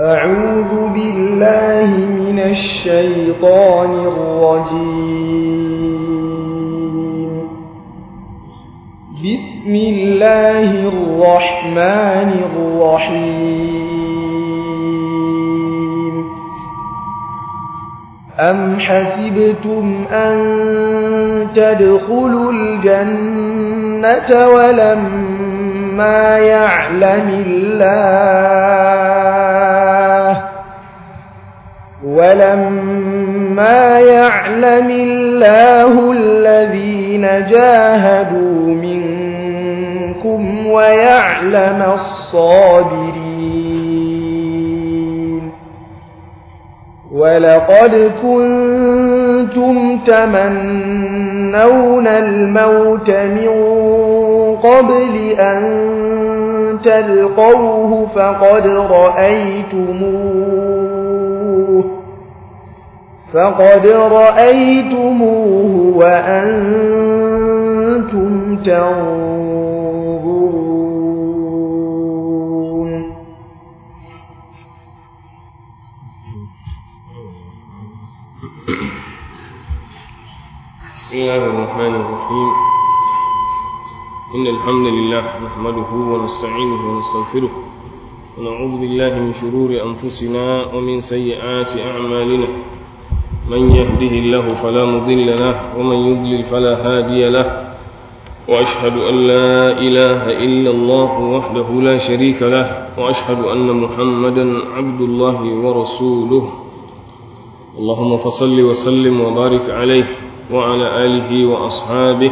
أعوذ بالله من الشيطان الرجيم بسم الله الرحمن الرحيم أم حسبتم أن تدخلوا الجنة ولما يعلم الله ولما يعلم الله الذين جاهدوا منكم ويعلم الصابرين ولقد كنتم تمنون الموت من قبل أن تلقوه فقد رأيتموه فقد رأيتموه وأنتم تنظرون بسم الله الرحمن الرحيم إن الحمد لله نحمده ونستعينه ونستغفره ونعوذ بالله من شرور أنفسنا ومن سيئات أعمالنا من يهده الله فلا مضل له ومن يضلل فلا هادي له وأشهد أن لا إله إلا الله وحده لا شريك له وأشهد أن محمدا عبد الله ورسوله اللهم فصل وسلم وبارك عليه وعلى آله وأصحابه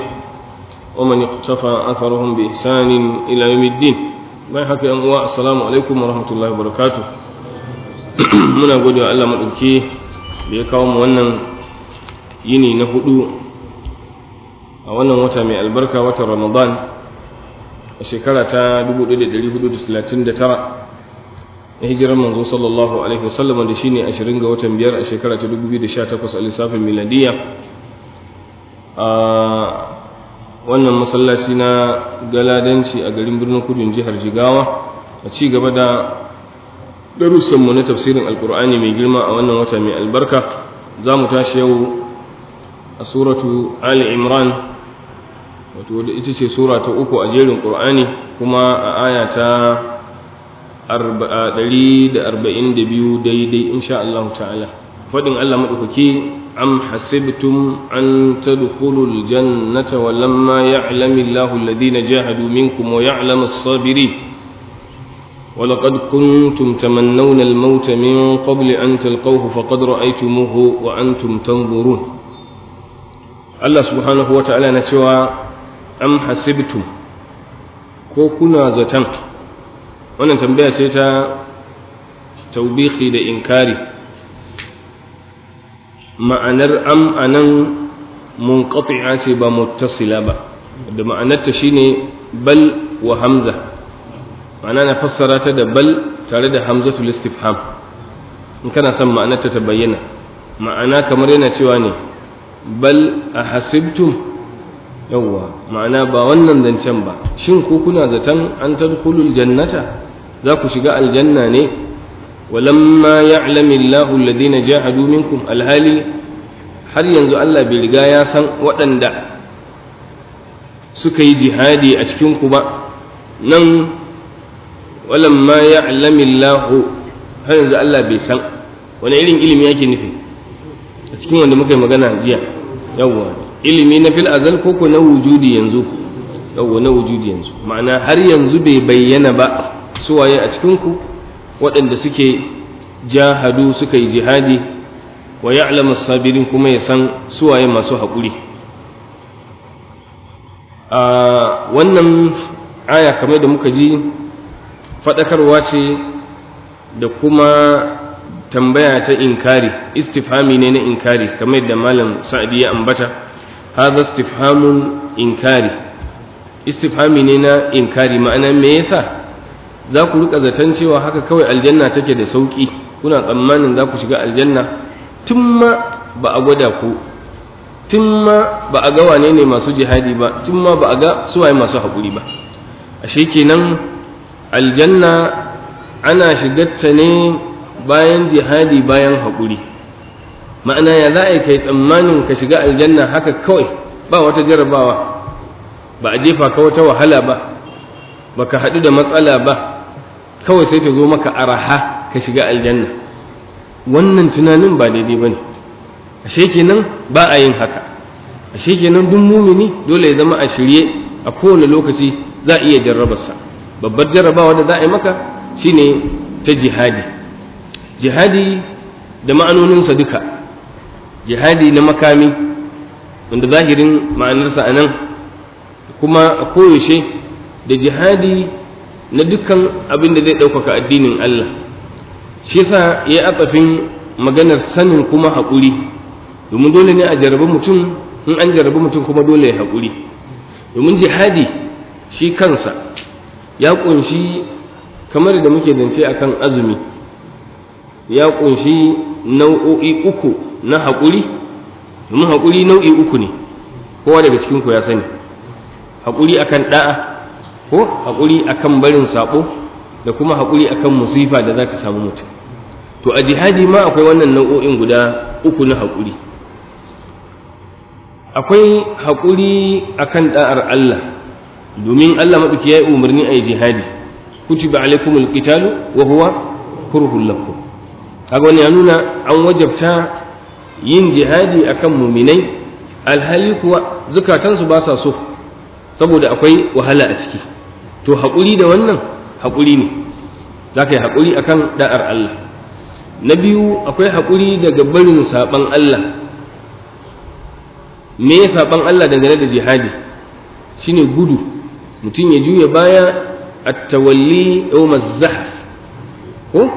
ومن اقتفى أثرهم بإحسان إلى يوم الدين ما يحكي أمواء السلام عليكم ورحمة الله وبركاته من أقول يا ألا da ya kawo mu wannan yini na hudu a wannan wata mai albarka watan ramadan a shekara ta 1439 na hijirar manzo sallallahu alaihi wasallam da shine 20 ga watan biyar a shekara ta 2018 a lissafin miladiyya a wannan masallaci na galadanci a garin birnin kudin jihar jigawa a ci gaba da darussanmu na tafsirin alkur'ani mai girma a wannan wata mai albarka za mu tashi yau a suratu ali imran wato wadda ita ce sura ta uku a jerin ƙur'ani kuma a aya ta 142 daidai insha Allah ta'ala faɗin Allah maɗaukaki am hasibtum an tadkhulul jannata walamma ya'lamu Allahu alladhina jahadu minkum wa ya'lamu as-sabirin ولقد كنتم تمنون الموت من قبل أن تلقوه فقد رأيتموه وأنتم تنظرون الله سبحانه وتعالى نتوى أم حسبتم كوكنا زتم وانا تنبيه سيتا توبيخي لإنكاري ما أنر أم أنن منقطعة بمتصلة بمعنى التشيني بل وهمزة ma'ana na fassara ta da bal tare da hamzatul istifham in kana son ma'anarta ta bayyana ma'ana kamar yana cewa ne bal a hasibtum yawwa ma'ana ba wannan zancen ba shin ko kuna zaton an tadkhulul jannata za ku shiga aljanna ne walamma ya'lamu Allahu alladhina jahadu minkum alhali har yanzu Allah bai riga ya san waɗanda suka yi jihadi a cikin ku ba nan ma ya'lamu Allah har yanzu Allah bai san wani irin ilimi yake nufi a cikin wanda muka yi magana jiya yawwa ilimi na fil azal ko ko na wujudi yanzu yawwa na wujudi yanzu ma'ana har yanzu bai bayyana ba suwaye a cikin ku waɗanda suke jahadu suka yi jihadi wa ya'lamu sabirin kuma ya san suwaye masu haƙuri a wannan aya kamar da muka ji faɗakarwa ce da kuma tambaya ta inkari istifhami ne na inkari kamar yadda malam sa'adi ya ambata hadha istifhamun inkari istifhami ne na inkari ma'ana me yasa za ku rika zaton cewa haka kawai aljanna take da sauki kuna tsammanin za ku shiga aljanna tun ma ba a gwada ku tun ba a ga wane ne masu jihadi ba tun ba a ga suwaye masu haƙuri ba ashe kenan aljanna ana shigarta ne bayan jihadi bayan hakuri, ma'ana ya za a kai tsammanin ka shiga aljanna haka kawai ba wata jarabawa ba a jefa ka wata wahala ba ba ka haɗu da matsala ba kawai sai ta zo maka araha ka shiga aljanna wannan tunanin ba daidai ba ne A kenan ba a yin haka A kenan duk mumini dole ya zama a shirye a kowane lokaci za a iya jarrabarsa babbar jarrabawa da za a yi maka shine ta jihadi jihadi da ma'anoninsa duka jihadi na makami wanda zahirin ma'anarsa a nan kuma a koyaushe da jihadi na dukkan abin da zai ɗaukaka addinin Allah shi yasa ya atafin maganar sanin kuma hakuri, domin dole ne a jarabi mutum in an jarrabi mutum kuma dole ya hakuri, domin jihadi shi kansa ya kunshi kamar da muke zance akan azumi ya kunshi nau'o'i uku na haƙuri domin haƙuri nau'i uku ne kowa daga cikinku ya sani haƙuri akan ɗa'a ko haƙuri akan barin saɓo da kuma haƙuri akan musifa da za ta samu mutu to a jihadi ma akwai wannan nau'o'in guda uku na haƙuri akwai haƙuri akan ɗa'ar Allah domin Allah maɗuki ya yi umarni a yi jihadi kutiba alaikum alqitalu wa huwa kurhul lakum kaga wani ya nuna an wajabta yin jihadi akan muminai alhali kuwa zukatansu ba sa so saboda akwai wahala a ciki to haƙuri da wannan haƙuri ne za ka yi haƙuri akan da'ar Allah na biyu akwai haƙuri daga barin saɓan Allah me ya saɓan Allah dangane da jihadi shine gudu mutum ya juya baya a tawalli 'yau az-zahf ko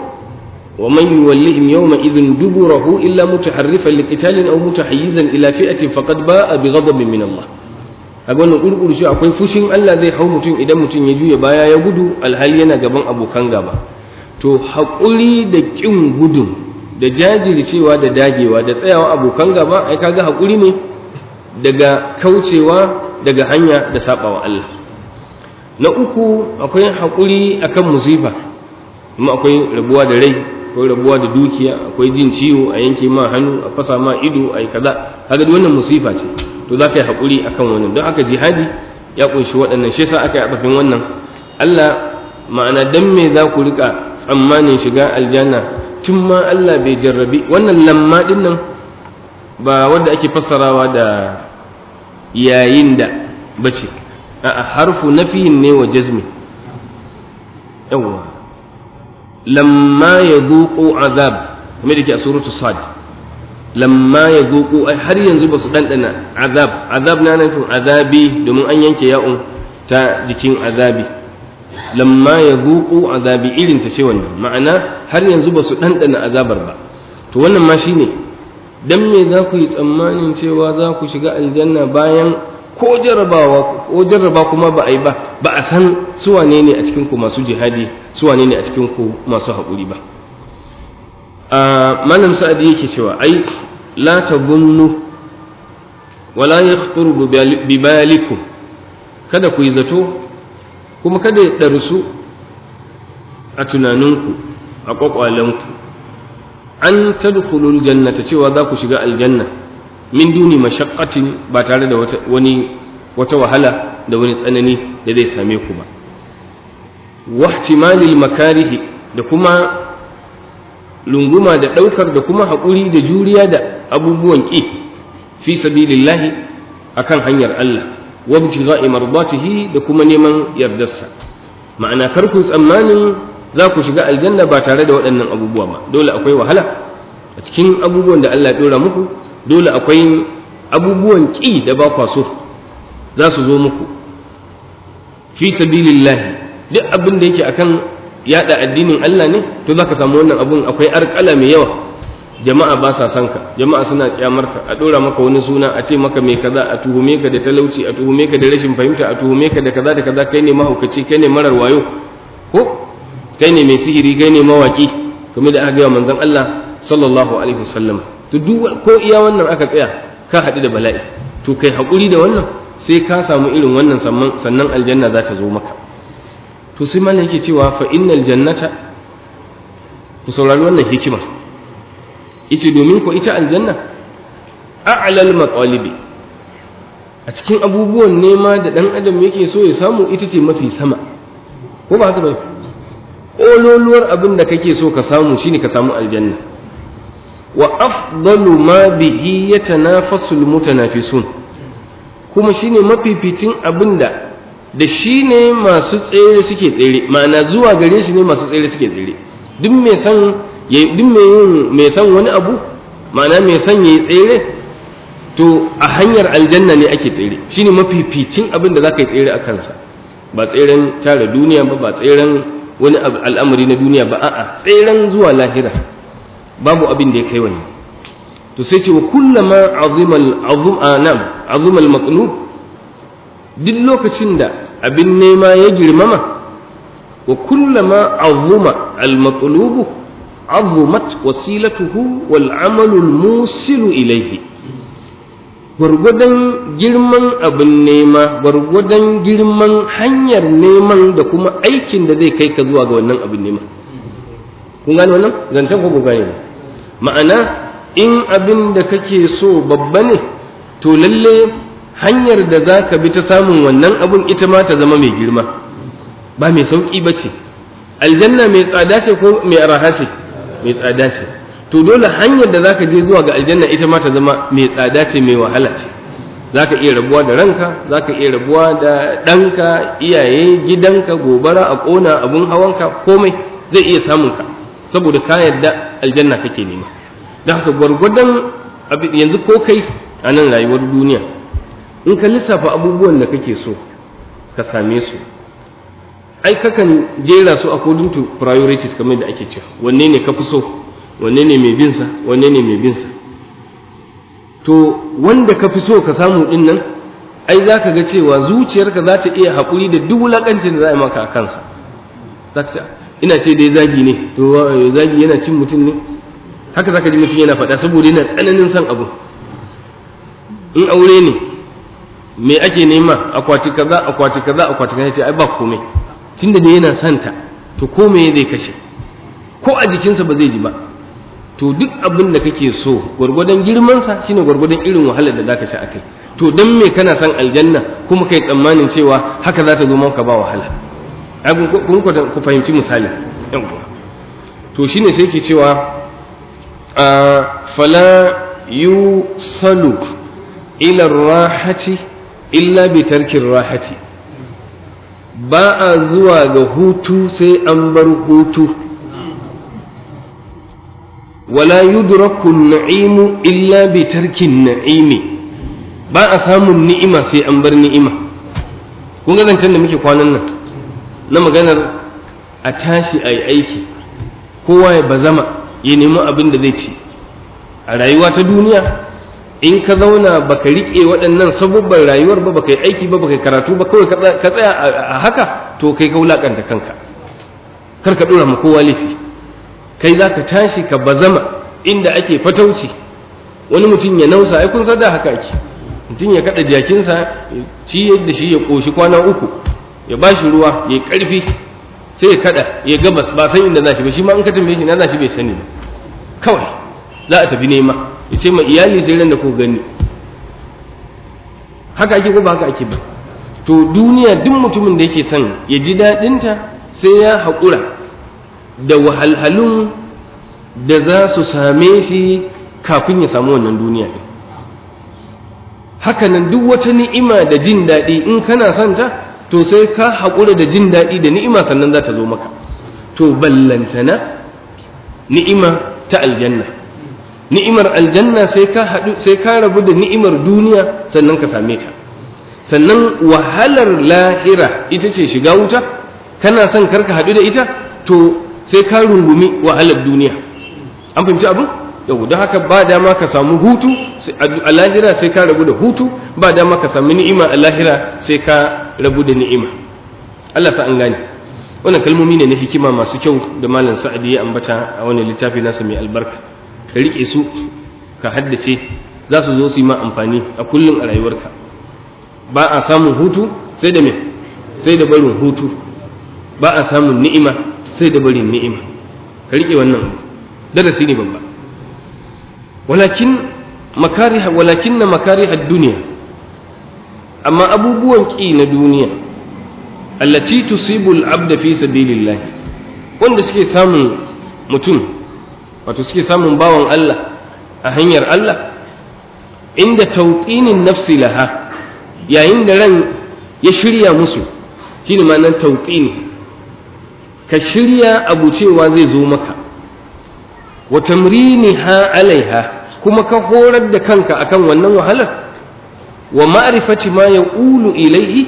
wa man yuwallihim yawma idhin duburahu illa mutaharrifan liqitalin aw mutahayyizan ila fi'atin faqad ba'a bi ghadabin min Allah a wannan shi akwai fushin Allah zai hau mutum idan mutum ya juya baya ya gudu alhali yana gaban abokan gaba to haƙuri da ƙin gudun da jajircewa da dagewa da tsayawa abokan gaba ai kaga haƙuri ne daga kaucewa daga hanya da saɓawa Allah na uku akwai haƙuri akan musifa kuma akwai rabuwa da rai akwai rabuwa da dukiya akwai jin ciwo a yanke ma hannu a fasa ma ido a yi kaza kaga duk wannan musifa ce to za ka yi haƙuri akan wannan don haka jihadi ya ƙunshi waɗannan shi yasa aka yi abafin wannan Allah ma'ana dan me za ku rika tsammanin shiga aljanna tun ma Allah bai jarrabi wannan lamma din nan ba wanda ake fassarawa da yayin da bace a harfu nafihin ne wa jazmi yawwa lamma yadhuqu azab kamar da ke a suratu sad lamma yadhuqu har yanzu ba su dandana azab azab na nufin azabi domin an yanke ya'un ta jikin azabi lamma yadhuqu azabi irin ta ce wannan ma'ana har yanzu ba su dandana azabar ba to wannan ma ne. dan me za ku yi tsammanin cewa za ku shiga aljanna bayan ko jarrabawa ko jarraba kuma ba a yi ba ba a san su ne a cikin masu jihadi su ne a cikin ku masu haƙuri ba a malam sa'adi yake cewa ai la tabunnu wala yakhturu bi baliku kada ku yi zato kuma kada ya ɗarsu a tunaninku a ƙwaƙwalanku an tadkhulul jannata cewa za ku shiga aljanna min duni mashaqqatin ba tare da wani wata wahala da wani tsanani da zai same ku ba wahtimalil makarihi da kuma lunguma da ɗaukar da kuma haƙuri da juriya da abubuwan ƙi fi sabilillahi akan hanyar Allah wabtigha'i mardatihi da kuma neman yardarsa ma'ana kar ku tsammanin za ku shiga aljanna ba tare da waɗannan abubuwa ba dole akwai wahala a cikin abubuwan da Allah ya dora muku dole akwai abubuwan ƙi da ba kwa so za su zo muku fi sabilillahi duk abin da yake akan yada addinin Allah ne to zaka samu wannan abun akwai arkala mai yawa jama'a ba sa son ka jama'a suna kyamarka a dora maka wani suna a ce maka mai kaza a tuhume ka da talauci a tuhume ka da rashin fahimta a tuhume ka da kaza da kaza kai ne mahaukaci kai ne marar wayo ko kai ne mai sihiri kai ne mawaki kamar da aka ga manzon Allah sallallahu alaihi wasallam to duk ko iya wannan aka tsaya ka haɗu da bala'i to kai haƙuri da wannan sai ka samu irin wannan sannan aljanna za ta zo maka to sai malam yake cewa fa innal jannata ku saurari wannan hikima yace domin ko ita aljanna a'lal maqalibi a cikin abubuwan nema da dan adam yake so ya samu ita ce mafi sama ko ba haka ba ololuwar abin da kake so ka samu shine ka samu aljanna wa به ma bihi كما شيني kuma shine mafificin abinda da shine masu tsere suke tsere ma'ana zuwa gare shi ne masu tsere suke tsere duk mai san yayi duk mai yin mai san wani abu ma'ana mai san yayi tsere to a hanyar aljanna ne ake tsere shine mafificin abinda zaka yi tsere a kansa ba tseren tara duniya ba ba tseren wani al'amari na duniya ba a'a tseren zuwa lahira babu abin da ya kai wani to sai ce wa kullama azimal azum anam ah, azimal maqlub duk lokacin da abin nema ya girmama wa kullama azuma al maqlub azumat wasilatuhu wal amal al musilu ilayhi gurgudan girman abin nema gurgudan girman hanyar neman da kuma aikin da zai kai ka zuwa ga wannan abin nema kun gane wannan zancen ko ku gane ma'ana in abin da kake so babba ne to lalle hanyar da za ka bi ta samun wannan abin ita ma ta zama mai girma ba mai sauƙi ba ce aljanna mai tsada ce ko mai araha ce mai tsada ce to dole hanyar da za ka je zuwa ga aljanna ita ma ta zama mai tsada ce mai wahala ce za ka iya rabuwa da ranka za ka iya rabuwa da ɗanka iyaye gidanka gobara a ƙona abin hawanka komai zai iya samunka saboda ka yadda aljanna kake nema don haka gwargwadon yanzu ko kai a nan rayuwar duniya in ka lissafa abubuwan da kake so ka same su ai kakan jera su according to priorities kamar da ake cewa wanne ne ka fi so wanne ne mai binsa wanne ne mai binsa to wanda ka fi so ka samu din nan ai za ka ga cewa zuciyarka za ta iya haƙuri da duk wulaƙancin da za a yi maka a kansa za ina ce dai zagi ne to eh, zagi yana cin mutum ne haka zaka ji mutum yana faɗa saboda yana tsananin son abu in aure ne me ake nema akwati kaza akwati kaza akwati kaza ce ai ba komai tunda dai yana santa to ko zai kashe ko a jikinsa ba zai ji ba to duk abin da kake so gwargwadon girmansa shine gwargwadon irin wahalar da zaka sha akai to dan me kana son aljanna kuma kai tsammanin cewa haka za ta zo maka ba wahala kun ku fahimci misali to shine sai ke cewa fala yusalu ilar rahati illa bitarkin tarkin ba a zuwa ga hutu sai an bar hutu wala yudraku na'imu illa bitarkin na'imi ba a samun ni'ima sai an bar ni'ima kun ga zancen da muke kwanan nan na maganar a tashi a yi aiki kowa ya bazama ya nemi abin da zai ci a rayuwa ta duniya in ka zauna ba ka riƙe waɗannan sabubban rayuwar ba ka yi aiki ba ka yi karatu ba kawai ka tsaya a haka to kai ka wulaƙanta kanka kar ka ɗora ma kowa laifi kai za ka tashi ka bazama inda ake fatauci wani mutum ya nausa ai kun da haka ake mutum ya kaɗa jakinsa ci yadda shi ya ƙoshi kwana uku ya ba shi ruwa ya yi ƙarfi sai ya kada ya gabas ba san inda za shi ba shi ma in ka tambaye shi na za shi bai sani ba kawai za a tafi nema ya ce ma iyali sai ran da ko gani haka ake ko ba haka ake ba to duniya duk mutumin da yake son ya ji daɗinta sai ya haƙura da wahalhalun da za su same shi kafin ya samu wannan duniya haka hakanan duk wata ni'ima da jin daɗi in kana son ta to sai ka haƙura da jin daɗi da ni'ima sannan za ta zo maka to ballantana ni'ima ta aljanna ni'imar aljanna sai ka rabu da ni'imar duniya sannan ka same ta sannan wahalar lahira ita ce shiga wuta kana son karka haɗu da ita to sai ka rungumi wahalar duniya an fahimci abin yau don haka ba dama ka samu hutu a lahira sai ka rabu da hutu ba dama ka sami ni'ima a lahira sai ka rabu da ni'ima Allah sa an gane wannan kalmomi ne na hikima masu kyau da malam sa'adi ya ambata a wani littafi nasa mai albarka ka rike su ka haddace za su zo su yi ma amfani a kullum a rayuwarka ba a samun hutu sai da me sai da barin hutu ba a samun ni'ima sai da barin ni'ima ka rike wannan darasi ne babba walakin makariha walakin na makariha duniya amma abubuwan ƙi na duniya allati tusibul abda fi sabilillah wanda suke samun mutum wato suke samun bawan Allah a hanyar Allah inda tautsinin nafsi laha yayin da ran ya shirya musu shine ma'anar tautsini ka shirya abu cewa zai zo maka wa ha alaiha kuma ka horar da kanka akan wannan wahalar wa ma'rifati ma yaqulu ilayhi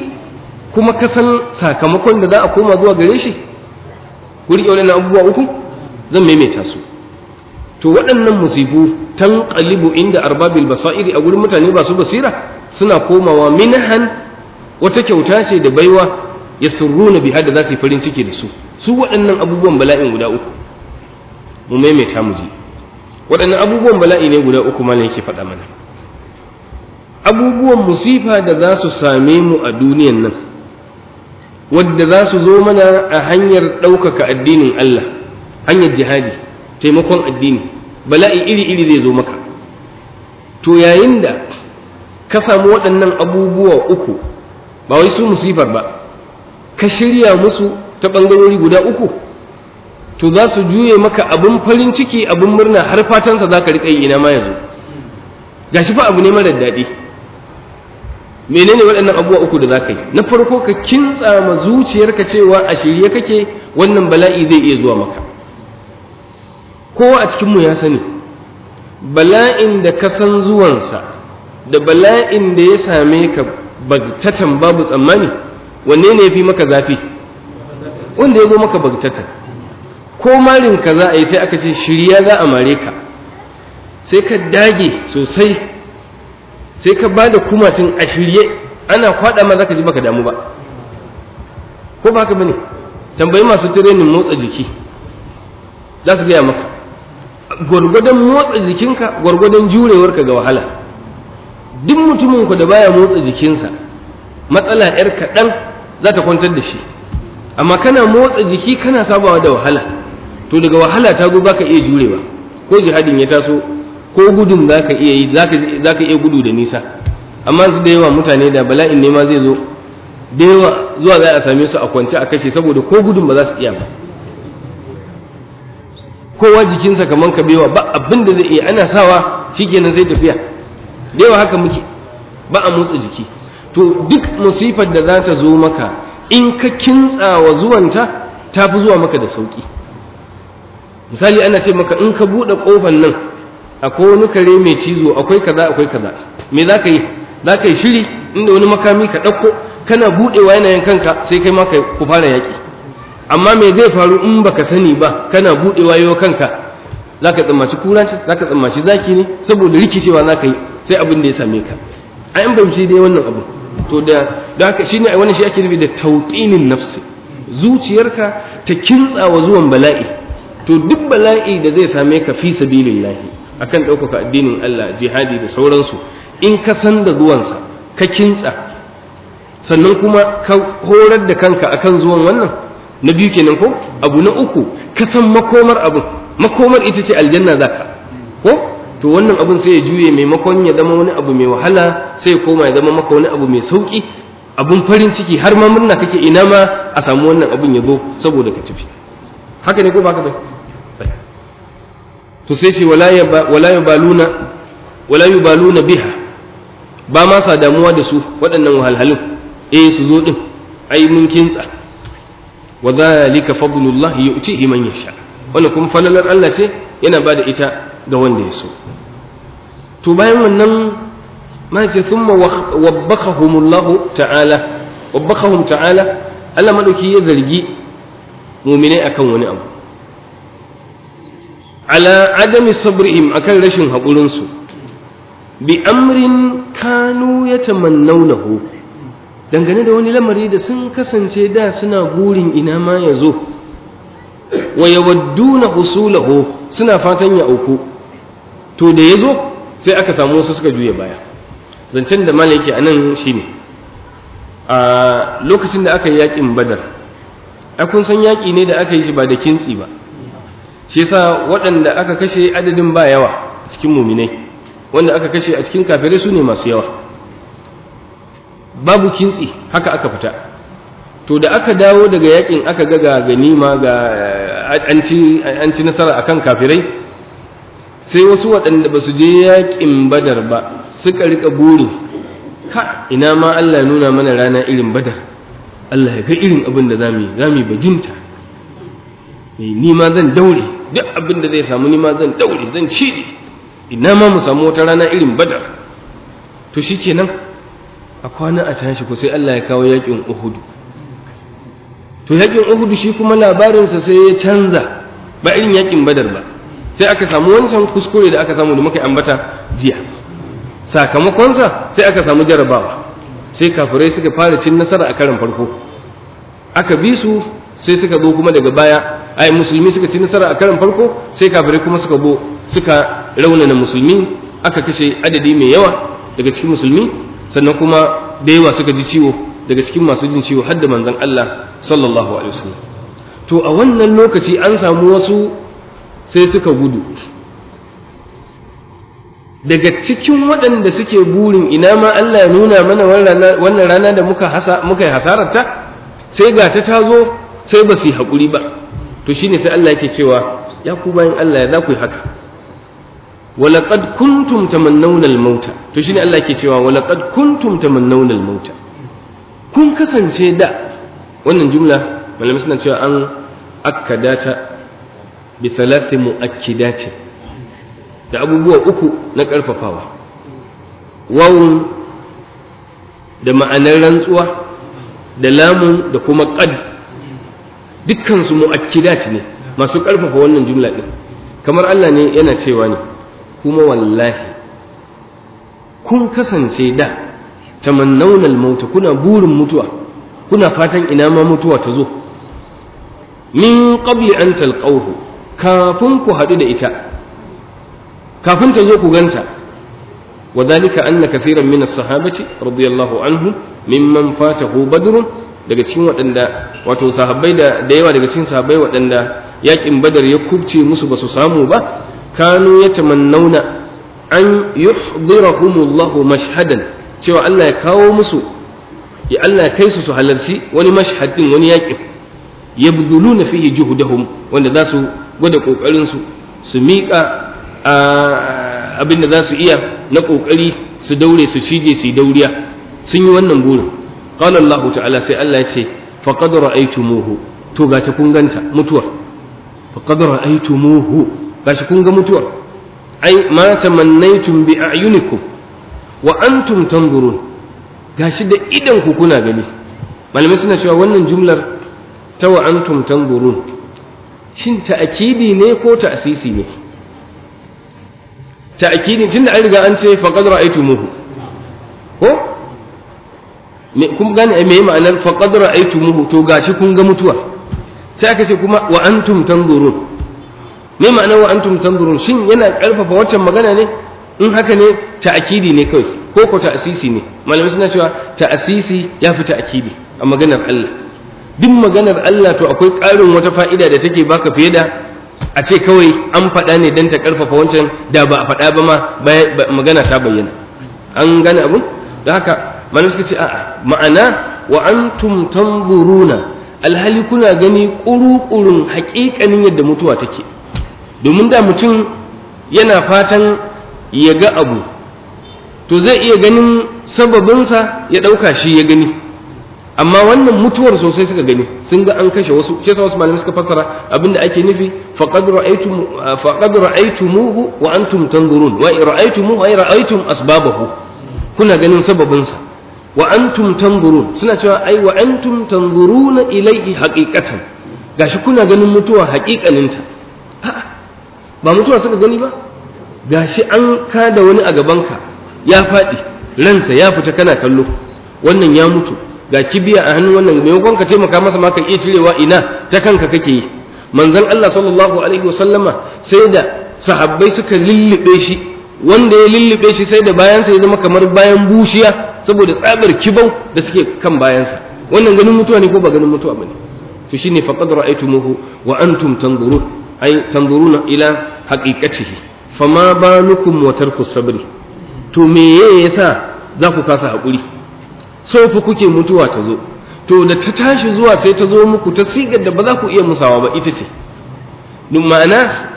kuma kasan sakamakon da za a koma zuwa gare shi ku riƙe waɗannan abubuwa uku zan maimaita su to waɗannan musibu tan qalibu inda arbabil basairi a gurin mutane ba su basira suna komawa minhan wata kyauta ce da baiwa yasurruna biha da za su yi farin ciki da su su waɗannan abubuwan bala'in guda uku mu maimaita mu ji waɗannan abubuwan bala'i ne guda uku malam yake faɗa mana abubuwan musifa da za su same mu a duniyan nan wadda za su zo mana a hanyar ɗaukaka addinin Allah hanyar jihadi taimakon addini bala'i iri-iri zai zo maka to yayin da ka samu waɗannan abubuwa uku ba wai su musifar ba ka shirya musu ta ɓangarori guda uku to za su juye maka abin farin ciki abin murna har fatansa za ka riƙa yi ina ma yanzu gashi fa abu ne marar daɗi menene waɗannan abubuwa uku da za ka yi na farko ka kintsa ma zuciyarka cewa a shirye kake wannan bala'i zai iya zuwa maka kowa a cikinmu ya sani bala'in da ka san zuwansa da bala'in da ya same ka bagtatan babu tsammani wanne ne ya fi maka zafi wanda ya zo maka bagtatan ko marinka za a yi sai aka ce shirya za a mare ka sai ka dage sosai sai ka ba da kumatin a shirye ana kwaɗa ma za ka ji baka damu ba ko ba ka bane tambayi masu tirenin motsa jiki za su gaya maka gwargwadon motsa jikinka gwargwadon jurewarka ga wahala duk mutumin ku da baya motsa jikinsa matsala yar kaɗan za ta kwantar da shi amma kana motsa jiki kana sabawa da wahala to daga wahala ta zo baka iya jurewa ko jihadin ya taso ko gudun za ka iya yi za ka iya gudu da nisa amma su da yawa mutane da bala'in nema zai zo da yawa zuwa za a same su a kwance a kashe saboda ko gudun ba za su iya ba kowa jikinsa kamar ka bewa ba abin da zai iya ana sawa shikenan sai tafiya da yawa haka muke ba a motsa jiki to duk musifar da za ta zo maka in ka kintsawa zuwanta ta fi zuwa maka da sauki misali ana ce maka in ka buɗe ƙofar nan akwai wani kare mai cizo akwai kaza akwai kaza me za ka yi za ka yi shiri inda wani makami ka ɗauko kana buɗewa yanayin kanka sai kai ma ku fara yaki amma me zai faru in baka sani ba kana buɗewa yau kanka za ka tsammaci kura ce za ka tsammaci zaki ne saboda rikicewa za ka yi sai abin da ya same ka a yan bamshi dai wannan abu to da da haka shi ne wani shi ake nufi da tautsinin nafsi zuciyarka ta wa zuwan bala'i to duk bala'i da zai same ka fi sabilillahi akan ɗaukaka addinin Allah jihadi da sauransu in ka san da zuwansa ka kintsa sannan kuma ka horar da kanka akan zuwan wannan na biyu kenan ko abu na uku ka san makomar abin makomar ita ce aljanna zaka ko to wannan abin sai ya juye maimakon ya zama wani abu mai wahala sai ya koma ya zama maka wani abu mai sauki abun farin ciki har ma murna kake ina ma a samu wannan abun ya zo saboda ka tafi haka ne ko ba ka bai to sai ce wala yubaluna wala yubaluna biha ba ma sa damuwa da su waɗannan wahalhalun eh su zo ɗin? ai mun kintsa wa zalika fadlullah yu'tihi man yasha wannan kuma falalar Allah ce yana bada ita ga wanda ya so to bayan wannan ma ce thumma wabbakahumullahu ta'ala wabbakahum ta'ala Allah madauki ya zargi mu'minai akan wani abu ala adami sabrihim akan rashin haƙurinsu bi amrin kanu ya tamannaunahu dangane da wani lamari da sun kasance da suna gurin ina ma ya zo wa yawadduna husulahu suna fatan ya auku to da ya zo sai aka samu wasu suka juya baya zancen da a nan anan shine a lokacin da aka yi yaƙin badar a kun san yaƙi ne da aka yi shi ba da kintsi ba shi yasa waɗanda aka kashe adadin ba yawa cikin muminai wanda aka kashe a cikin kafirai su ne masu yawa babu kintsi haka aka fita to da aka dawo daga yakin aka ga ga ganima ga eh, an ci nasara akan kafirai sai wasu waɗanda ba su je yakin badar ba suka rika buri ka ina ma Allah nuna mana rana irin badar Allah ya ga irin abin da zamu yi zamu bajinta eh, ni ma zan daure duk abin da zai samu nima zan daure zan cije ina ma mu samu wata rana irin badar to shi shikenan a kwana a tashi ko sai Allah ya kawo yakin uhudu to yakin uhudu shi kuma labarinsa sai ya canza ba irin yakin badar ba sai aka samu wancan kuskure da aka samu da muka ambata jiya sakamakonsa sai aka samu jarabawa sai kafirai suka fara cin nasara a karin farko aka bi su sai suka zo kuma daga baya ai musulmi suka ci nasara a karin farko sai kafirai kuma suka bo suka raunana musulmi aka kashe adadi mai yawa daga cikin musulmi sannan kuma da yawa suka ji ciwo daga cikin masu jin ciwo har da manzon Allah sallallahu alaihi wasallam to a wannan lokaci an samu wasu sai suka gudu daga cikin waɗanda suke burin ina ma Allah ya nuna mana wannan rana da muka hasa muka yi hasararta sai ga ta tazo sai ba su yi haƙuri ba to shine sai Allah yake cewa ya ku bayan Allah ya za ku yi haka walaqad kuntum tamannawna al-mauta to shine Allah yake cewa walaqad kuntum tamannawna al-mauta kun kasance da wannan jumla malamai suna cewa an akkada ta bi thalath mu'akkidati da abubuwa uku na karfafawa wawun da ma'anar rantsuwa da lamun da kuma qad dukkansu mu'akkidat ne masu karfafa wannan jumla din kamar Allah ne yana cewa ne kuma wallahi kun kasance da tamannawna al-maut kuna burin mutuwa kuna fatan ina ma mutuwa ta zo min qabli an talqawhu kafin ku hadu da ita kafin ta zo ku ganta وذلك أن كثيرا من الصحابة رضي الله عنهم ممن فاته بدر daga cikin waɗanda wato sahabbai da da yawa daga cikin sahabbai waɗanda yaƙin badar ya kubce musu ba su samu ba kanu ya tamannauna an yuhdirahumullahu mashhadan cewa Allah ya kawo musu ya Allah ya kai su su halarci wani mashhadin wani yakin yabdhuluna fihi juhdahum wanda za su gwada kokarin su su miƙa abin da za su iya na ƙoƙari su daure su cije su dauriya sun yi wannan burin qala Allah ta'ala sai Allah ya ce faqad ra'aytumuhu to ga ta kun ganta mutuwar faqad ra'aytumuhu ga shi kun ga mutuwar ai ma tamannaytum bi a'yunikum wa antum tanzurun ga shi da idan kuna gani malamai suna cewa wannan jumlar ta wa antum tanzurun shin ta'kidi ne ko ta'sisi ne ta'kidi tunda an riga an ce faqad ra'aytumuhu ko kun gane eh, me ma'anar faqad ra'aytumuhu to gashi kun ga mutuwa sai aka ce kuma wa antum tanzurun me ma'anar wa antum tanzurun shin yana ƙarfafa waccan magana ne in haka ne ta'akidi ne kawai ko ko ta'asisi ne malamai suna cewa ta'asisi ya fi ta'akidi a maganar Allah duk maganar Allah to akwai ƙarin wata fa'ida da take baka fiye da a ce kawai an faɗa ne don ta ƙarfafa wancan da ba a faɗa ba ma magana ta bayyana an gane abu da haka malamai suka ce a'a ma'ana wa antum tanzuruna alhali kuna gani kurukurun haƙiƙanin yadda mutuwa take domin da mutum yana fatan ya ga abu to zai iya ganin sababinsa ya ɗauka shi ya gani amma wannan mutuwar sosai suka gani sun ga an kashe wasu shi wasu malamai suka fassara da ake nufi faqad ra'aytum faqad ra'aytumuhu wa antum tanzurun wa ra'aytumuhu wa ra'aytum asbabahu kuna ganin sababinsa wa antum tanzurun suna cewa ai wa antum tanzuruna ilayhi haqiqatan gashi kuna ganin mutuwa haƙiƙaninta ba mutuwa suka gani ba gashi an kada wani a gabanka ya faɗi ransa ya fita kana kallo wannan ya mutu ga kibiya a hannun wannan maimakon ka taimaka masa maka ka iya cirewa ina ta kanka kake yi manzon Allah sallallahu alaihi wasallama sai da sahabbai suka lullube shi wanda ya lullube shi sai da bayansa ya zama kamar bayan bushiya saboda tsabar kibau da suke kan bayansa wannan ganin mutuwa ne ko ba ganin mutuwa bane to shine faqad ra'aytumuhu wa antum tanzurun ay tanzuruna ila haqiqatihi fama balukum wa tarku sabri to me yasa za ku kasa hakuri so fa kuke mutuwa ta zo to da ta tashi zuwa sai ta zo muku ta sigar da ba za ku iya musawa ba ita ce dun ma'ana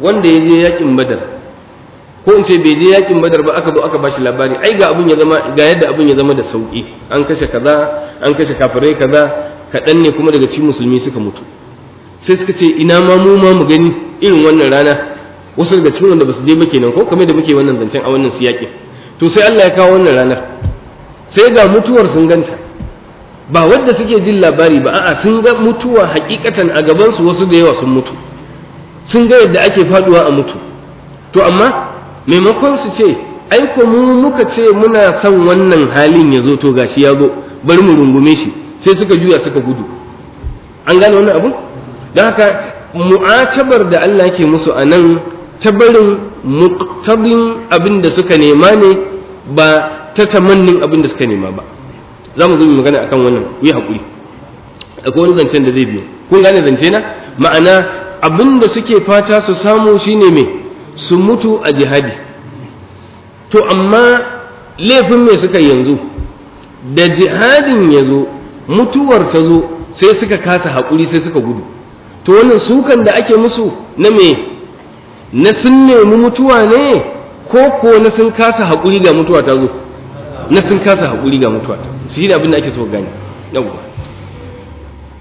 wanda ya je yakin badar ko in ce bai je yakin badar ba aka zo aka bashi labari ai ga abun ya zama ga yadda abun ya zama da sauki an kashe kaza an kashe kafirai kaza kaɗan ne kuma daga cikin musulmi suka mutu sai suka ce ina ma mu ma mu gani irin wannan rana wasu daga cikin wanda ba je ba kenan ko kamar da muke wannan zancen a wannan siyaki to sai Allah ya kawo wannan ranar sai ga mutuwar sun ganta ba wanda suke jin labari ba a'a sun ga mutuwa hakikatan a gaban su wasu da yawa sun mutu sun ga yadda ake faduwa a mutu to amma maimakon su ce ai ko mu muka ce muna son wannan halin ya zo to gashi ya zo bari mu rungume shi sai suka juya suka gudu an gane wannan abu don haka mu'atabar da Allah ke musu a nan ta barin muktabin abin da suka nema ne ba ta tamannin abin da suka nema ba za mu zo mu magana akan wannan ku yi akwai wani zancen da zai biyo kun gane zance na ma'ana abin da suke fata su samu shine me sun mutu a jihadi to amma laifin mai suka yanzu da jihadin ya zo mutuwar ta zo sai suka kasa haƙuri sai suka gudu to wannan sukan da ake musu na me na sun nemi mutuwa ne ko ko na sun kasa haƙuri ga mutuwa ta zo na sun kasa haƙuri ga mutuwa ta zo shi ne abin da ake so gani yawwa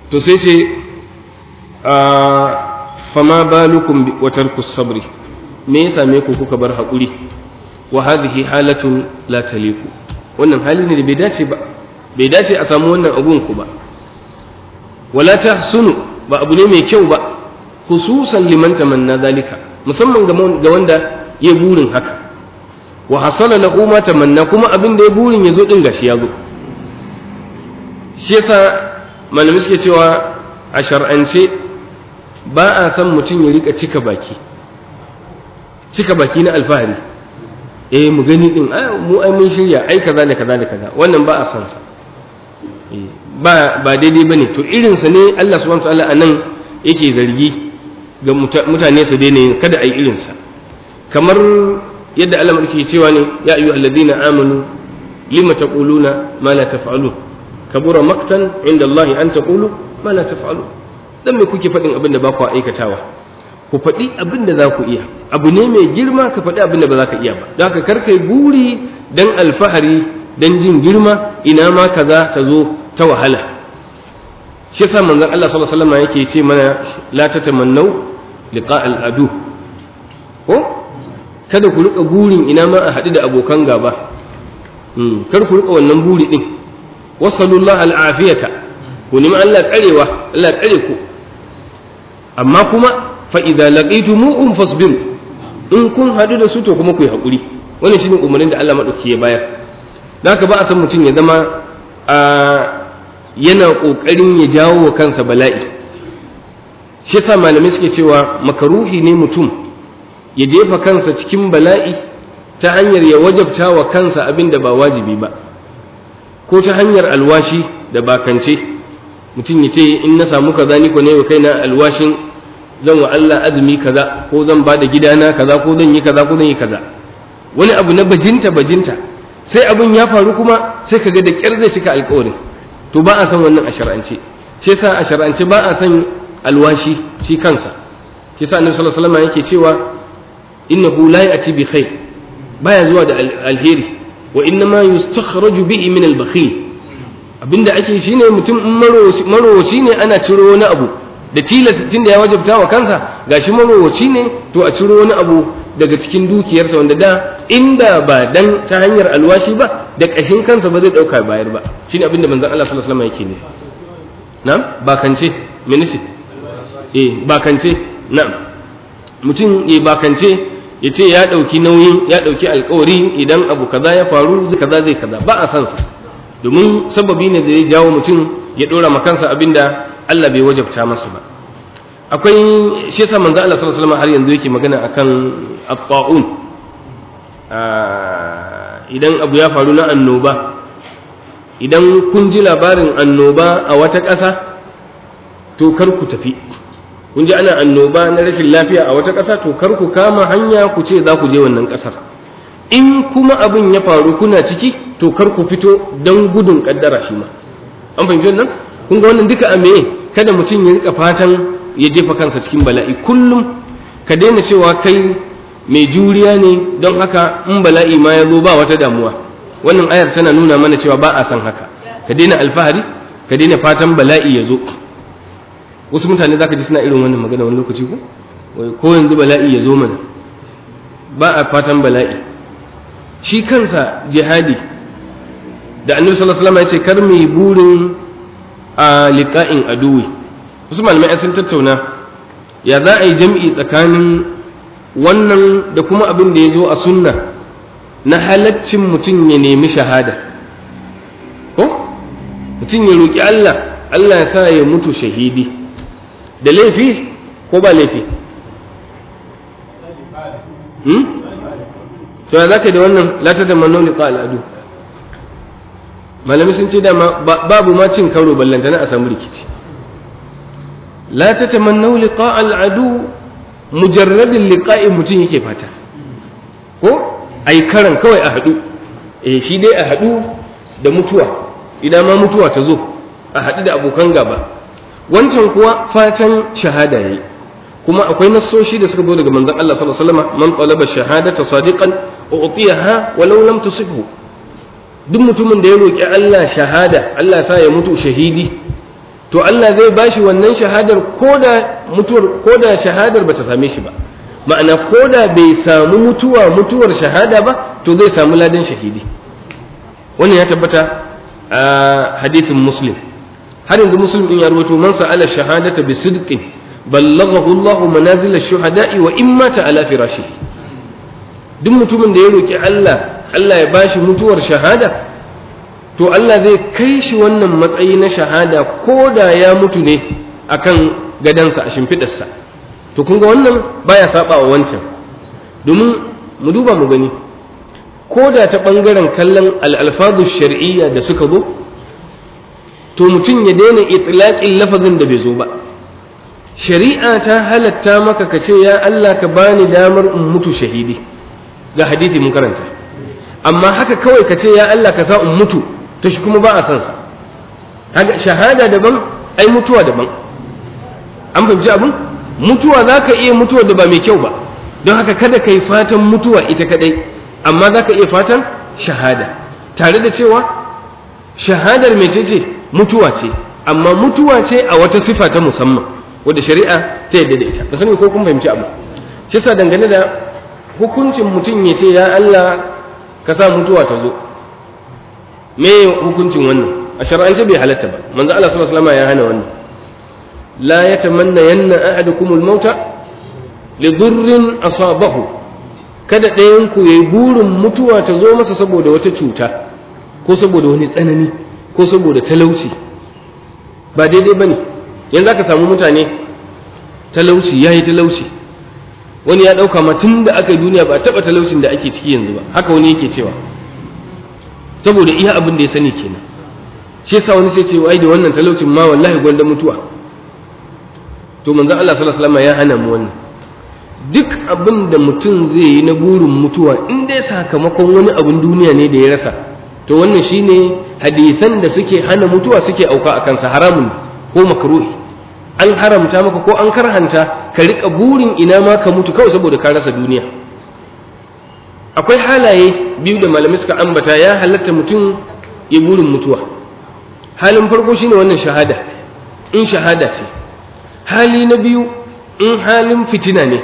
to sai ce ah, fama balukum watar tarku sabri me ya same ku kuka bar haƙuri wa hadhihi halatun la taliku wannan hali ne da bai dace ba bai dace a samu wannan abun ku ba wala tahsunu ba abu ne mai kyau ba khususan liman tamanna zalika musamman ga wanda ya burin haka wa hasala lahu ma tamanna kuma abin da ya burin yazo zo din gashi ya zo shi yasa malamai suke cewa a shar'ance ba a san mutum ya rika cika baki cika baki na alfahari eh mu gani din ah, mu ai mun shirya ai kaza da kaza da kaza wannan ba a son sa eh, ba ba daidai bane to irin sa ne Allah subhanahu wataala anan yake zargi ga mutane su daina kada ai irin sa kamar yadda Allah mulki cewa ne ya ayu allazina amanu lima taquluna ma la taf'alun kabura maktan inda Allah an taqulu ma la taf'alun dan me kuke faɗin abin da ba ku aikatawa ku faɗi abin da za ku iya abu ne mai girma ka faɗi abin da ba za ka iya ba don haka kar kai buri dan alfahari don jin girma ina ma kaza ta zo ta wahala shi yasa manzon Allah sallallahu alaihi wasallam yake ce mana la tatamannu liqa al adu ko kada ku rika gurin ina ma a haɗu da abokan gaba hmm, kar ku rika wannan buri din wasallallahu al afiyata ku nemi Allah tsarewa Allah tsare ku amma kuma fa idza laqitumuhum fasbiru in kun hadu da su to kuma ku yi hakuri wannan shine umarnin da Allah madauki ya bayar da haka ba a san mutum ya zama yana kokarin ya jawo wa kansa bala'i shi yasa malamai suke cewa makaruhi ne mutum ya jefa kansa cikin bala'i ta hanyar ya wajabta wa kansa abin da ba wajibi ba ko ta hanyar alwashi da bakance mutum ya ce in na samu kaza ni ko ne na na alwashin zan wa Allah azumi kaza ko zan ba da gidana kaza ko zan yi kaza ko zan yi kaza wani abu na bajinta bajinta sai abun ya faru kuma sai kaga da kyar zai cika alƙawarin to ba a san wannan a shar'ance shi yasa a shar'ance ba a san alwashi shi kansa shi yasa annabi sallallahu alaihi wasallam yake cewa innahu la ya'ti bi khair baya zuwa da alheri wa innama yustakhraju bihi min al-bakhil abinda ake shine mutum in marowaci ne ana ciro wani abu da tilas tun da ya wajabta wa kansa gashi marowaci ne to a ciro wani abu daga cikin dukiyarsa wanda da inda ba dan ta hanyar alwashi ba da kashin kansa ba zai dauka bayar ba shine abin da manzon Allah sallallahu alaihi wasallam yake ne na'am bakance minisi eh bakance na'am mutum ya eh, bakance ya ce ya dauki nauyin ya dauki alkawari idan abu kaza ya faru zai kaza zai kaza ba a san sa domin sababi ne da ya jawo mutum ya dora ma kansa abinda Allah bai wajabta masa ba akwai shi yasa manzo Allah sallallahu alaihi wasallam har yanzu yake magana akan at-ta'un ah, idan abu ya faru na annoba idan kun ji labarin annoba a wata ƙasa to kar ku tafi kun ji ana annoba na rashin lafiya a wata ƙasa to kar ku kama hanya ku ce za ku je wannan ƙasar in kuma abin ya faru kuna ciki to kar ku fito don gudun ƙaddara shi ma an fahimci wannan kun ga wannan duka a meye kada mutum ya rika fatan ya jefa kansa cikin bala'i kullum ka daina cewa kai mai juriya ne don haka in bala'i ma ya zo ba wata damuwa wannan ayar tana nuna mana cewa ba a san haka ka daina alfahari ka daina fatan bala'i ya zo wasu mutane zaka ji suna irin wannan magana wani lokaci ko ko yanzu bala'i ya zo mana ba a fatan bala'i shi kansa jihadi da annabi sallallahu alaihi wasallam ya ce kar mu burin a liƙa'in aduwi wasu malamai sun tattauna ya za a yi jam'i tsakanin wannan da kuma abin da ya zo a sunna na halaccin mutum ya nemi shahada ko mutum ya roƙi Allah Allah ya sa ya mutu shahidi da laifi ko ba laifi hmm? to ya za ka da wannan latar da manoli ƙa'al'adu malami sun ce dama babu ma cin karo ballantana a samu rikici la tatamannu liqa al'adu mujarradin liqa'in mutum yake fata ko ai karan kawai a hadu eh shi dai a hadu da mutuwa idan ma mutuwa ta zo a hadu da abokan gaba wancan kuwa fatan shahada yayi kuma akwai nasoshi da suka zo daga manzon Allah sallallahu alaihi wasallam man talaba shahadata sadiqan u'tiyaha walau lam tusibhu duk mutumin da ya roƙi Allah shahada Allah sa ya mutu shahidi to Allah zai bashi wannan shahadar koda mutuwar koda shahadar bata same shi ba ma'ana koda bai samu mutuwa mutuwar shahada ba to zai samu ladan shahidi wannan ya tabbata a hadithin muslim har yanzu muslim din ya rubuto man sa'ala shahadata bi sidqin ballaghahu Allahu manazil ash-shuhada'i wa imma ta ala firashi duk mutumin da ya roki Allah Allah ya ba shi mutuwar shahada to Allah zai kai shi wannan matsayi na shahada ko da ya mutu ne a kan gadansa a shimfidarsa to kun ga wannan baya saba wa wancan domin mu duba mu gani ko da ta ɓangaren kallon al'alfadu shari'iyya da suka zo to mutum ya daina itlaqin lafazin da bai zo ba shari'a ta halatta maka ka ce ya Allah ka bani damar in mutu shahidi ga hadithi mun karanta amma haka kawai ka ce ya Allah ka sa in mutu to shi kuma ba a san sa shahada daban ai mutuwa daban an fahimci abin mutuwa za ka iya mutuwa da ba mai kyau ba don haka kada ka yi fatan mutuwa ita kadai amma za ka iya fatan shahada tare da cewa shahadar ce ce mutuwa ce amma mutuwa ce a wata sifa ta musamman wadda shari'a ta yadda da ita ba sani ko kun fahimci abu shi sa dangane da hukuncin mutum ya ce ya Allah ka sa mutuwa ta zo me hukuncin wannan a shar'ance bai halatta ba manzo Allah sallallahu alaihi wasallam ya hana wannan la yatamanna yanna ahadukum almauta mauta li dhurrin asabahu kada ɗayan ku yayi burin mutuwa ta zo masa saboda wata cuta ko saboda wani tsanani ko saboda talauci ba daidai bane yanzu aka samu mutane talauci yayi talauci wani ya ɗauka ma tun da aka duniya ba taɓa talaucin da ake ciki yanzu ba haka wani yake cewa saboda iya abin da ya sani kenan shi yasa wani sai ce wai da wannan talaucin ma wallahi gwanda mutuwa to manzo Allah sallallahu alaihi wasallam ya hana mu wannan duk abin da mutum zai yi na burin mutuwa in dai sakamakon wani abin duniya ne da ya rasa to wannan shine hadisan da suke hana mutuwa suke auka akan sa haramun ko makruhi an haramta maka ko an karhanta ka rika burin ina ma ka mutu kawai saboda ka rasa duniya akwai halaye biyu da malamai suka ambata ya halatta mutum ya burin mutuwa halin farko shine wannan shahada in shahada ce hali na biyu in halin fitina ne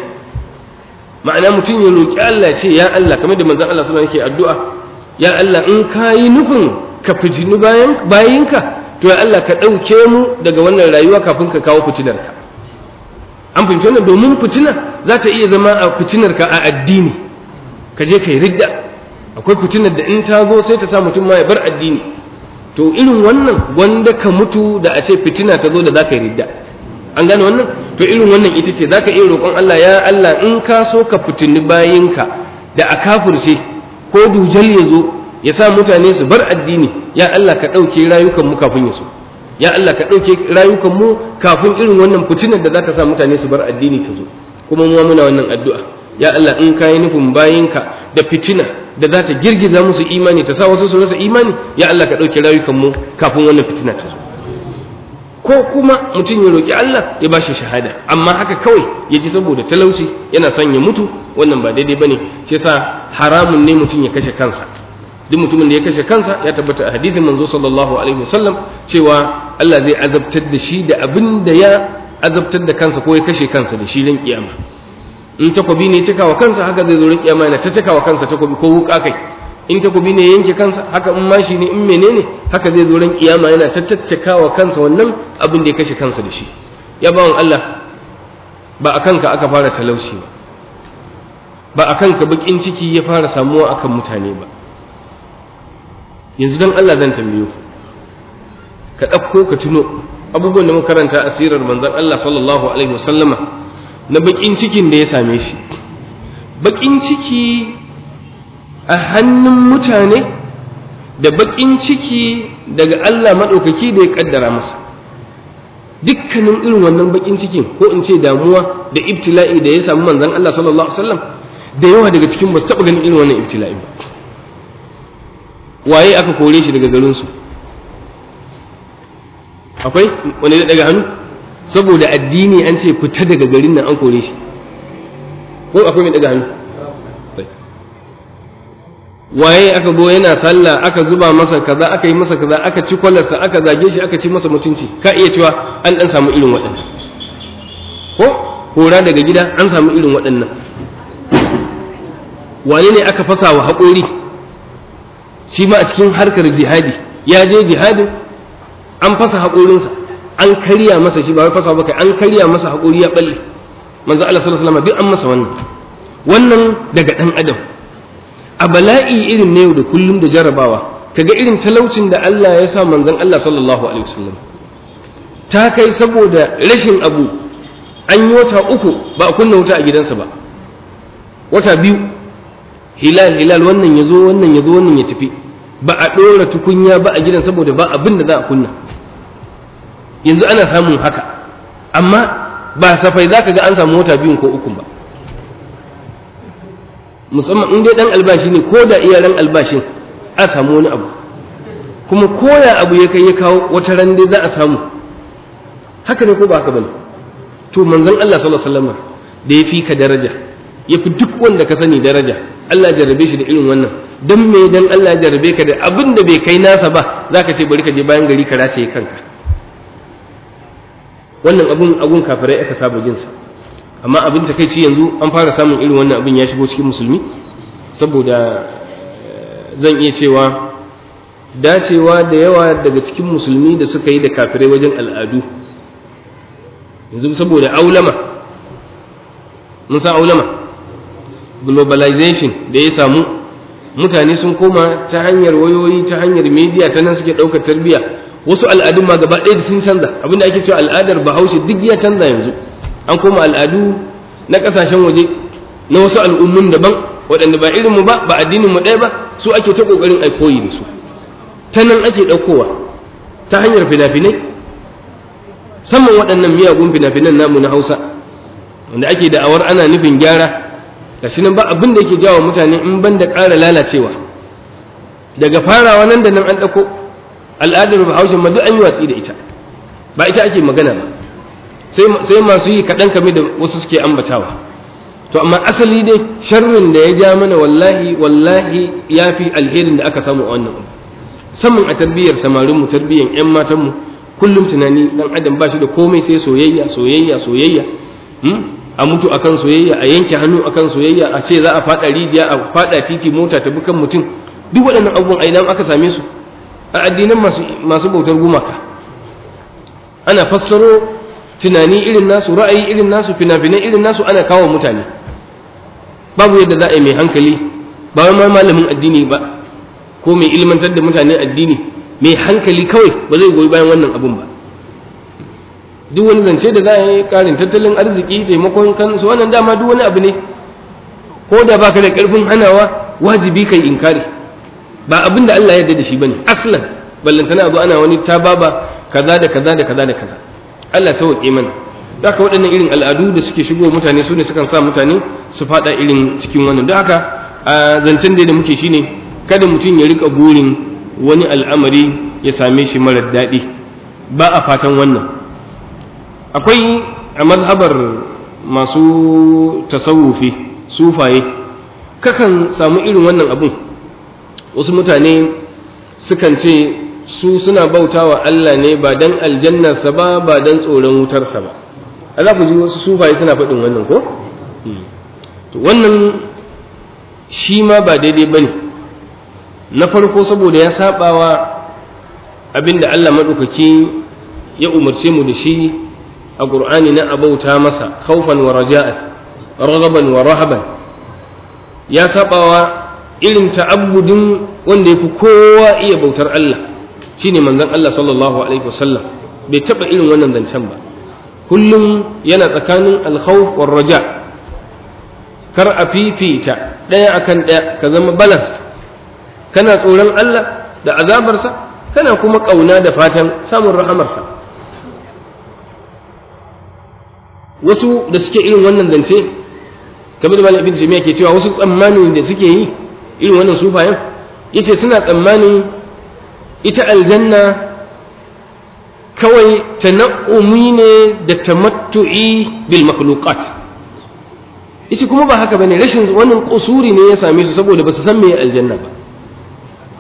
ma'ana mutum ya roƙi Allah ce ya Allah kamar da manzon Allah sallallahu alaihi wasallam yake addu'a ya Allah in kayi nufin ka fitinu bayan bayinka to ya Allah ka ɗauke mu daga wannan rayuwa kafin ka kawo fitinarka an fahimci wannan domin fitina za ta iya zama a fitinarka a addini ka je ka yi ridda akwai fitinar da in ta zo sai ta sa mutum ma ya bar addini to irin wannan wanda ka mutu da a ce fitina ta zo da za ka yi ridda an gane wannan to irin wannan ita ce za ka iya roƙon Allah ya Allah in ka so ka fitini bayinka da a kafirce ko dujal ya zo ya sa mutane su bar addini ya Allah ka ɗauke rayukan kafin ya ya Allah ka ɗauke rayukanmu kafin irin wannan fitinar da za ta sa mutane su bar addini ta zo kuma mu muna wannan addu'a ya Allah in ka nufin bayinka da fitina da za ta girgiza musu imani ta sa wasu su rasa imani ya Allah ka ɗauke rayukan mu kafin wannan fitina ta zo ko kuma mutum ya roƙi Allah ya ba shi shahada amma haka kawai ya ji saboda talauci yana son ya mutu wannan ba daidai bane shi yasa haramun ne mutum ya kashe kansa duk mutumin da ya kashe kansa ya tabbata a hadithin manzo sallallahu alaihi wasallam cewa Allah zai azabtar da shi da abin da ya azabtar da kansa ko ya kashe kansa da shi ran kiyama in takobi ne cika wa kansa haka zai zo ran kiyama yana ta cika wa kansa takobi ko wuka kai in takobi ne yanke kansa haka in mashi ne in menene haka zai zo ran kiyama yana ta caccaka wa kansa wannan abin da ya kashe kansa da shi ya bawan Allah ba a kanka aka fara talauci ba ba a kanka bakin ciki ya fara samuwa akan mutane ba yanzu don Allah zan tambayo ku ka ɗauko ka tuno abubuwan da makaranta asirar manzan Allah sallallahu alaihi wasallama na bakin cikin da ya same shi bakin ciki a hannun mutane da bakin ciki daga Allah maɗaukaki da ya ƙaddara masa dukkanin irin wannan bakin cikin ko in ce damuwa da ibtila'i da ya samu manzan Allah sallallahu alaihi wasallam da yawa daga cikin ba su taɓa ganin irin wannan ibtila'i ba waye aka kore shi daga garinsu akwai wani da daga hannu saboda addini an ce fita daga garin nan an kore shi ko akwai mai daga hannu waye aka go yana sallah aka zuba masa kaza aka yi masa kaza aka ci kwallarsa aka zage shi aka ci masa mutunci ka iya cewa an dan samu irin waɗannan ko hora daga gida an samu irin waɗannan wane ne aka fasa wa haƙori shi ma a cikin harkar jihadi ya je jihadin an fasa haƙorinsa an karya masa shi ba wai fasa ba kai an karya masa haƙori ya balle manzo Allah sallallahu alaihi wasallam duk an masa wannan wannan daga dan adam a bala'i irin ne yau da kullum da jarabawa kaga irin talaucin da Allah ya sa manzon Allah sallallahu alaihi wasallam ta kai saboda rashin abu an yi wata uku ba a kunna wuta a gidansa ba wata biyu hilal hilal wannan ya zo wannan ya zo wannan ya tafi ba a ɗora tukunya ba a gidan saboda ba abin da za a kunna yanzu ana samun haka amma ba safai za ka ga an samu wata biyun ko uku ba musamman in dai ɗan albashi ne ko da iya ran albashin a samu wani abu kuma koya abu ya kai ya kawo wata ran dai za a samu haka ne ko ba haka bane to manzon Allah sallallahu alaihi wasallam da ya fi ka daraja ya fi duk wanda ka sani daraja Allah jarrabe shi da irin wannan dan me dan Allah jarrabe ka da abin da bai kai nasa ba zaka ce bari ka je bayan gari ka race kanka wannan abun abun kafirai aka saba jin sa amma abin ta shi yanzu an fara samun irin wannan abin ya shigo cikin musulmi saboda eh, zan iya cewa dacewa da yawa daga cikin musulmi da suka yi da kafirai wajen al'adu yanzu saboda aulama mun san aulama globalization da ya samu mutane sun koma ta hanyar wayoyi ta hanyar media ta nan suke ɗaukar tarbiyya wasu al'adun ma gaba ɗaya sun canza abinda ake cewa al'adar bahaushe duk ya canza yanzu an koma al'adu na ƙasashen waje na wasu al'ummun daban waɗanda ba irinmu ba ba mu ɗaya ba su ake ta ƙoƙarin a koyi da su ta nan ake ɗaukowa ta hanyar fina-finai waɗannan miyagun fina-finan namu na hausa wanda ake da'awar ana nufin gyara gashi nan ba abin da yake jawo mutane in ban da ƙara lalacewa daga farawa nan da nan an ɗauko al'adar bahaushe ma duk an yi watsi da ita ba ita ake magana ba sai masu yi kaɗan kame da wasu suke ambatawa to amma asali dai sharrin da ya ja mana wallahi wallahi ya fi alherin da aka samu a wannan samun a tarbiyyar samarin mu tarbiyyar 'yan mu kullum tunani dan adam ba shi da komai sai soyayya soyayya soyayya hmm? a mutu a kan soyayya a yanke hannu a kan soyayya a ce za a fada rijiya a fada titi mota ta bukan mutum duk waɗannan abubuwan a aka same su a addinan masu bautar gumaka ana fassaro tunani irin nasu ra'ayi irin nasu fina-finan irin nasu ana kawo mutane babu yadda za a yi mai hankali ba wai malamin addini ba ko mai ilmantar da mutane addini mai hankali kawai ba zai goyi bayan wannan abun ba duk wani zance da za a yi karin tattalin arziki taimakon kansu wannan dama duk wani abu ne ko da ba ka da karfin hanawa wajibi kai inkari ba abin da Allah ya yarda da shi bane aslan ballantana abu ana wani tababa kaza da kaza da kaza da kaza Allah sauke mana haka waɗannan irin al'adu da suke shigo mutane su ne sukan sa mutane su faɗa irin cikin wannan don haka a zancen da muke shine kada mutum ya rika burin wani al'amari ya same shi marar daɗi ba a fatan wannan akwai a mazhabar masu tasawufi sufaye kakan samu irin wannan abun wasu mutane sukan ce su suna bautawa Allah ne ba don aljannarsa ba ba don tsoron wutarsa ba A za ku ji wasu sufaye suna faɗin wannan ko hmm. wannan shi ma ba daidai ba ne. na farko saboda ya abin abinda Allah maɗaukaki ya umarce mu da shi a qur'ani na abauta masa khawfan wa raja'a raghaban wa rahaban ya saɓawa irin ta'abbudin wanda yafi kowa iya bautar Allah shine manzon Allah sallallahu alaihi wasallam bai taɓa irin wannan zancen ba kullum yana tsakanin alkhawf war raja kar a fifita ɗaya akan ɗaya ka zama balance kana tsoron Allah da azabarsa kana kuma ƙauna da fatan samun rahamarsa wasu da suke irin wannan zance kamar da malamin jami'a ke cewa wasu tsammanin da suke yi irin wannan sufayen yace suna tsammanin ita aljanna kawai ta tana'umi ne da ta tamattu'i bil makhluqat yace kuma ba haka bane rashin wannan kusuri ne ya same su saboda ba su san meye aljanna ba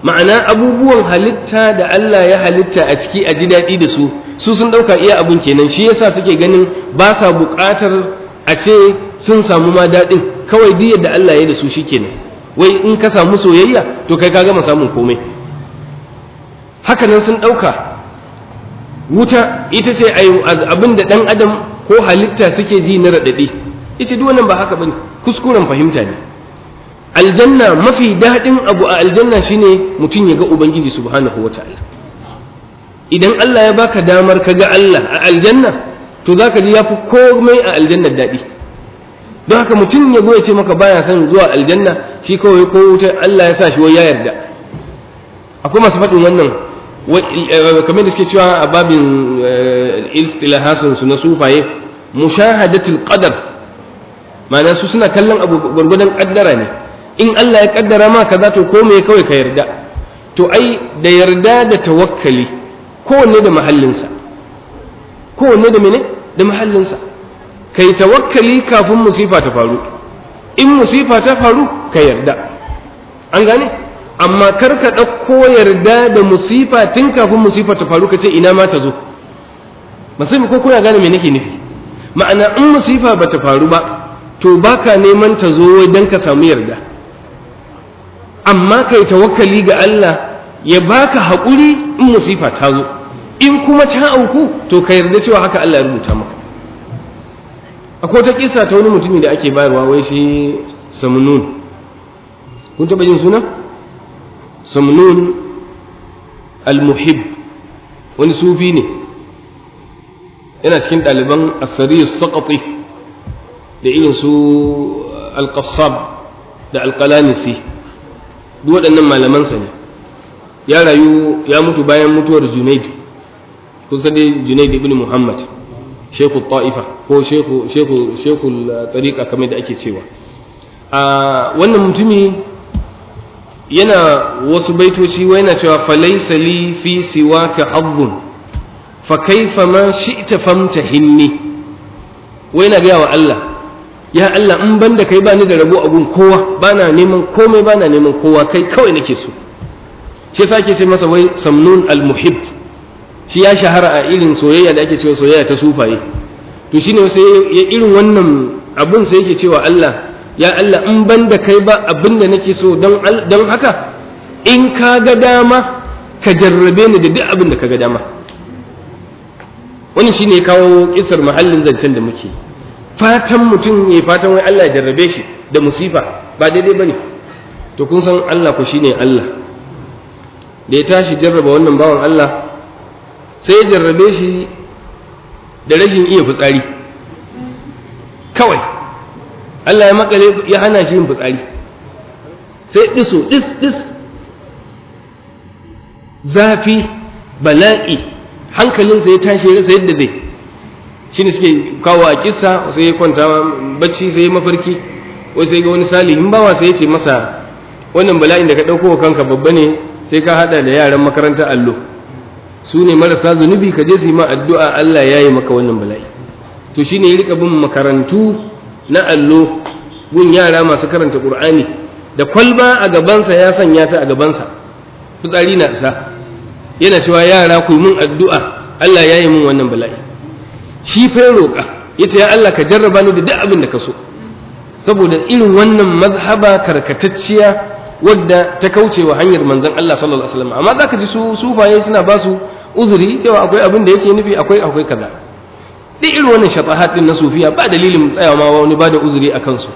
ma'ana abubuwan halitta da Allah ya halitta a ciki a ji daɗi da su su sun ɗauka iya abin kenan shi yasa suke ganin ba sa buƙatar a ce sun samu ma daɗin kawai duk yadda Allah ya da su shikenan wai in ka samu soyayya to kai ka gama samun komai haka nan sun ɗauka wuta ita ce abin da ɗan adam ko halitta suke ji na raɗaɗi ita duk wannan ba haka bane kuskuren fahimta ne aljanna mafi daɗin abu a aljanna shine mutum ya ga ubangiji subhanahu wataala idan Allah ya baka damar ka ga Allah a aljanna to zaka ji yafi komai a aljanna daɗi don haka mutum ya goye ce maka baya san zuwa aljanna shi kawai ko wuta Allah ya sa shi wai ya yarda akwai masu faɗin wannan eh, kamar da suke cewa a babin eh, istilahasun su na sufaye mushahadatul qadar ma'ana su suna kallon abu gwargwadon kaddara ne in Allah ya kaddara ma kaza to komai kawai ka yarda to ai da yarda da tawakkali kowanne da mahallinsa kowanne da mene da mahallinsa kai tawakkali kafin musifa ta faru in musifa ta faru ka yarda an gane amma kar ka ɗauko yarda da musifa tun kafin musifa ta faru ka ce ina ma ta zo musifa ko kuna gane me nake nufi ma'ana in musifa ba ta faru ba to baka neman ta zo wai don ka samu yarda amma kai tawakkali ga Allah ya baka haƙuri in musifa ta zo in kuma ta auku to ka yarda cewa haka Allah ya rubuta maka akwai wata kisa ta wani mutumi da ake bayarwa wai shi samnun kun taɓa jin suna samnun al-muhib wani sufi ne yana cikin ɗaliban asari saƙaƙi da irin su al da al-qalanisi duk waɗannan malamansa ne ya rayu ya mutu bayan mutuwar Junaid kun san Junaid ibn Muhammad Sheikh Ta'ifa ko Sheikh Sheikh Sheikh uh, Tariqa kamar da ake cewa a wannan mutumi yana wasu baitoci wai yana cewa falaysa li fi siwaka hazzun fa kaifa ma shi'ta famtahinni wai yana ga wa Allah ya Allah in banda kai ba ni da rabo a gun kowa ba na neman komai ba na neman kowa kai kawai nake so shi sake sai masa wai samnun al-muhib shi ya shahara a irin soyayya da ake cewa soyayya ta sufaye to shine sai ya irin wannan abun sai yake cewa Allah ya Allah in ban da kai ba abin da nake so don don haka in ka ga dama ka jarrabe ni da duk abin da ka ga dama wannan shine kawo kisar mahallin zancen da muke fatan mutum ya fatan wai Allah ya jarrabe shi da musifa ba daidai bane to kun san Allah ku shine Allah da ya tashi jarraba wannan bawan Allah sai ya jarrabe shi da rashin iya fitsari kawai Allah ya makale ya hana shi yin fitsari sai diso dis dis zafi bala'i hankalinsa ya tashi ya rasa yadda shi ne suke kawo a kisa sai ya kwanta bacci sai ya mafarki wai sai ga wani salihin bawa sai ya ce masa wannan bala'in da ka ɗauko kanka babba ne sai ka hada da yaran makaranta allo su ne marasa zunubi ka je su yi ma addu'a Allah ya yi maka wannan bala'i to shi ne ya rika bin makarantu na allo gun yara masu karanta ƙur'ani da kwalba a gabansa ya sanya ta a gabansa fitsari na isa yana cewa yara ku mun addu'a Allah ya yi mun wannan bala'i shi fa roƙa yace ya Allah ka jarraba ni da duk abin da ka so saboda irin wannan mazhaba karkatacciya wadda ta kauce wa hanyar manzon Allah sallallahu alaihi wasallam amma zaka ji su sufaye suna ba su uzuri cewa akwai abin da yake nufi akwai akwai kaza duk irin wannan shafahat din na sufiya ba dalilin tsayawa ma wani ba da uzuri a kansu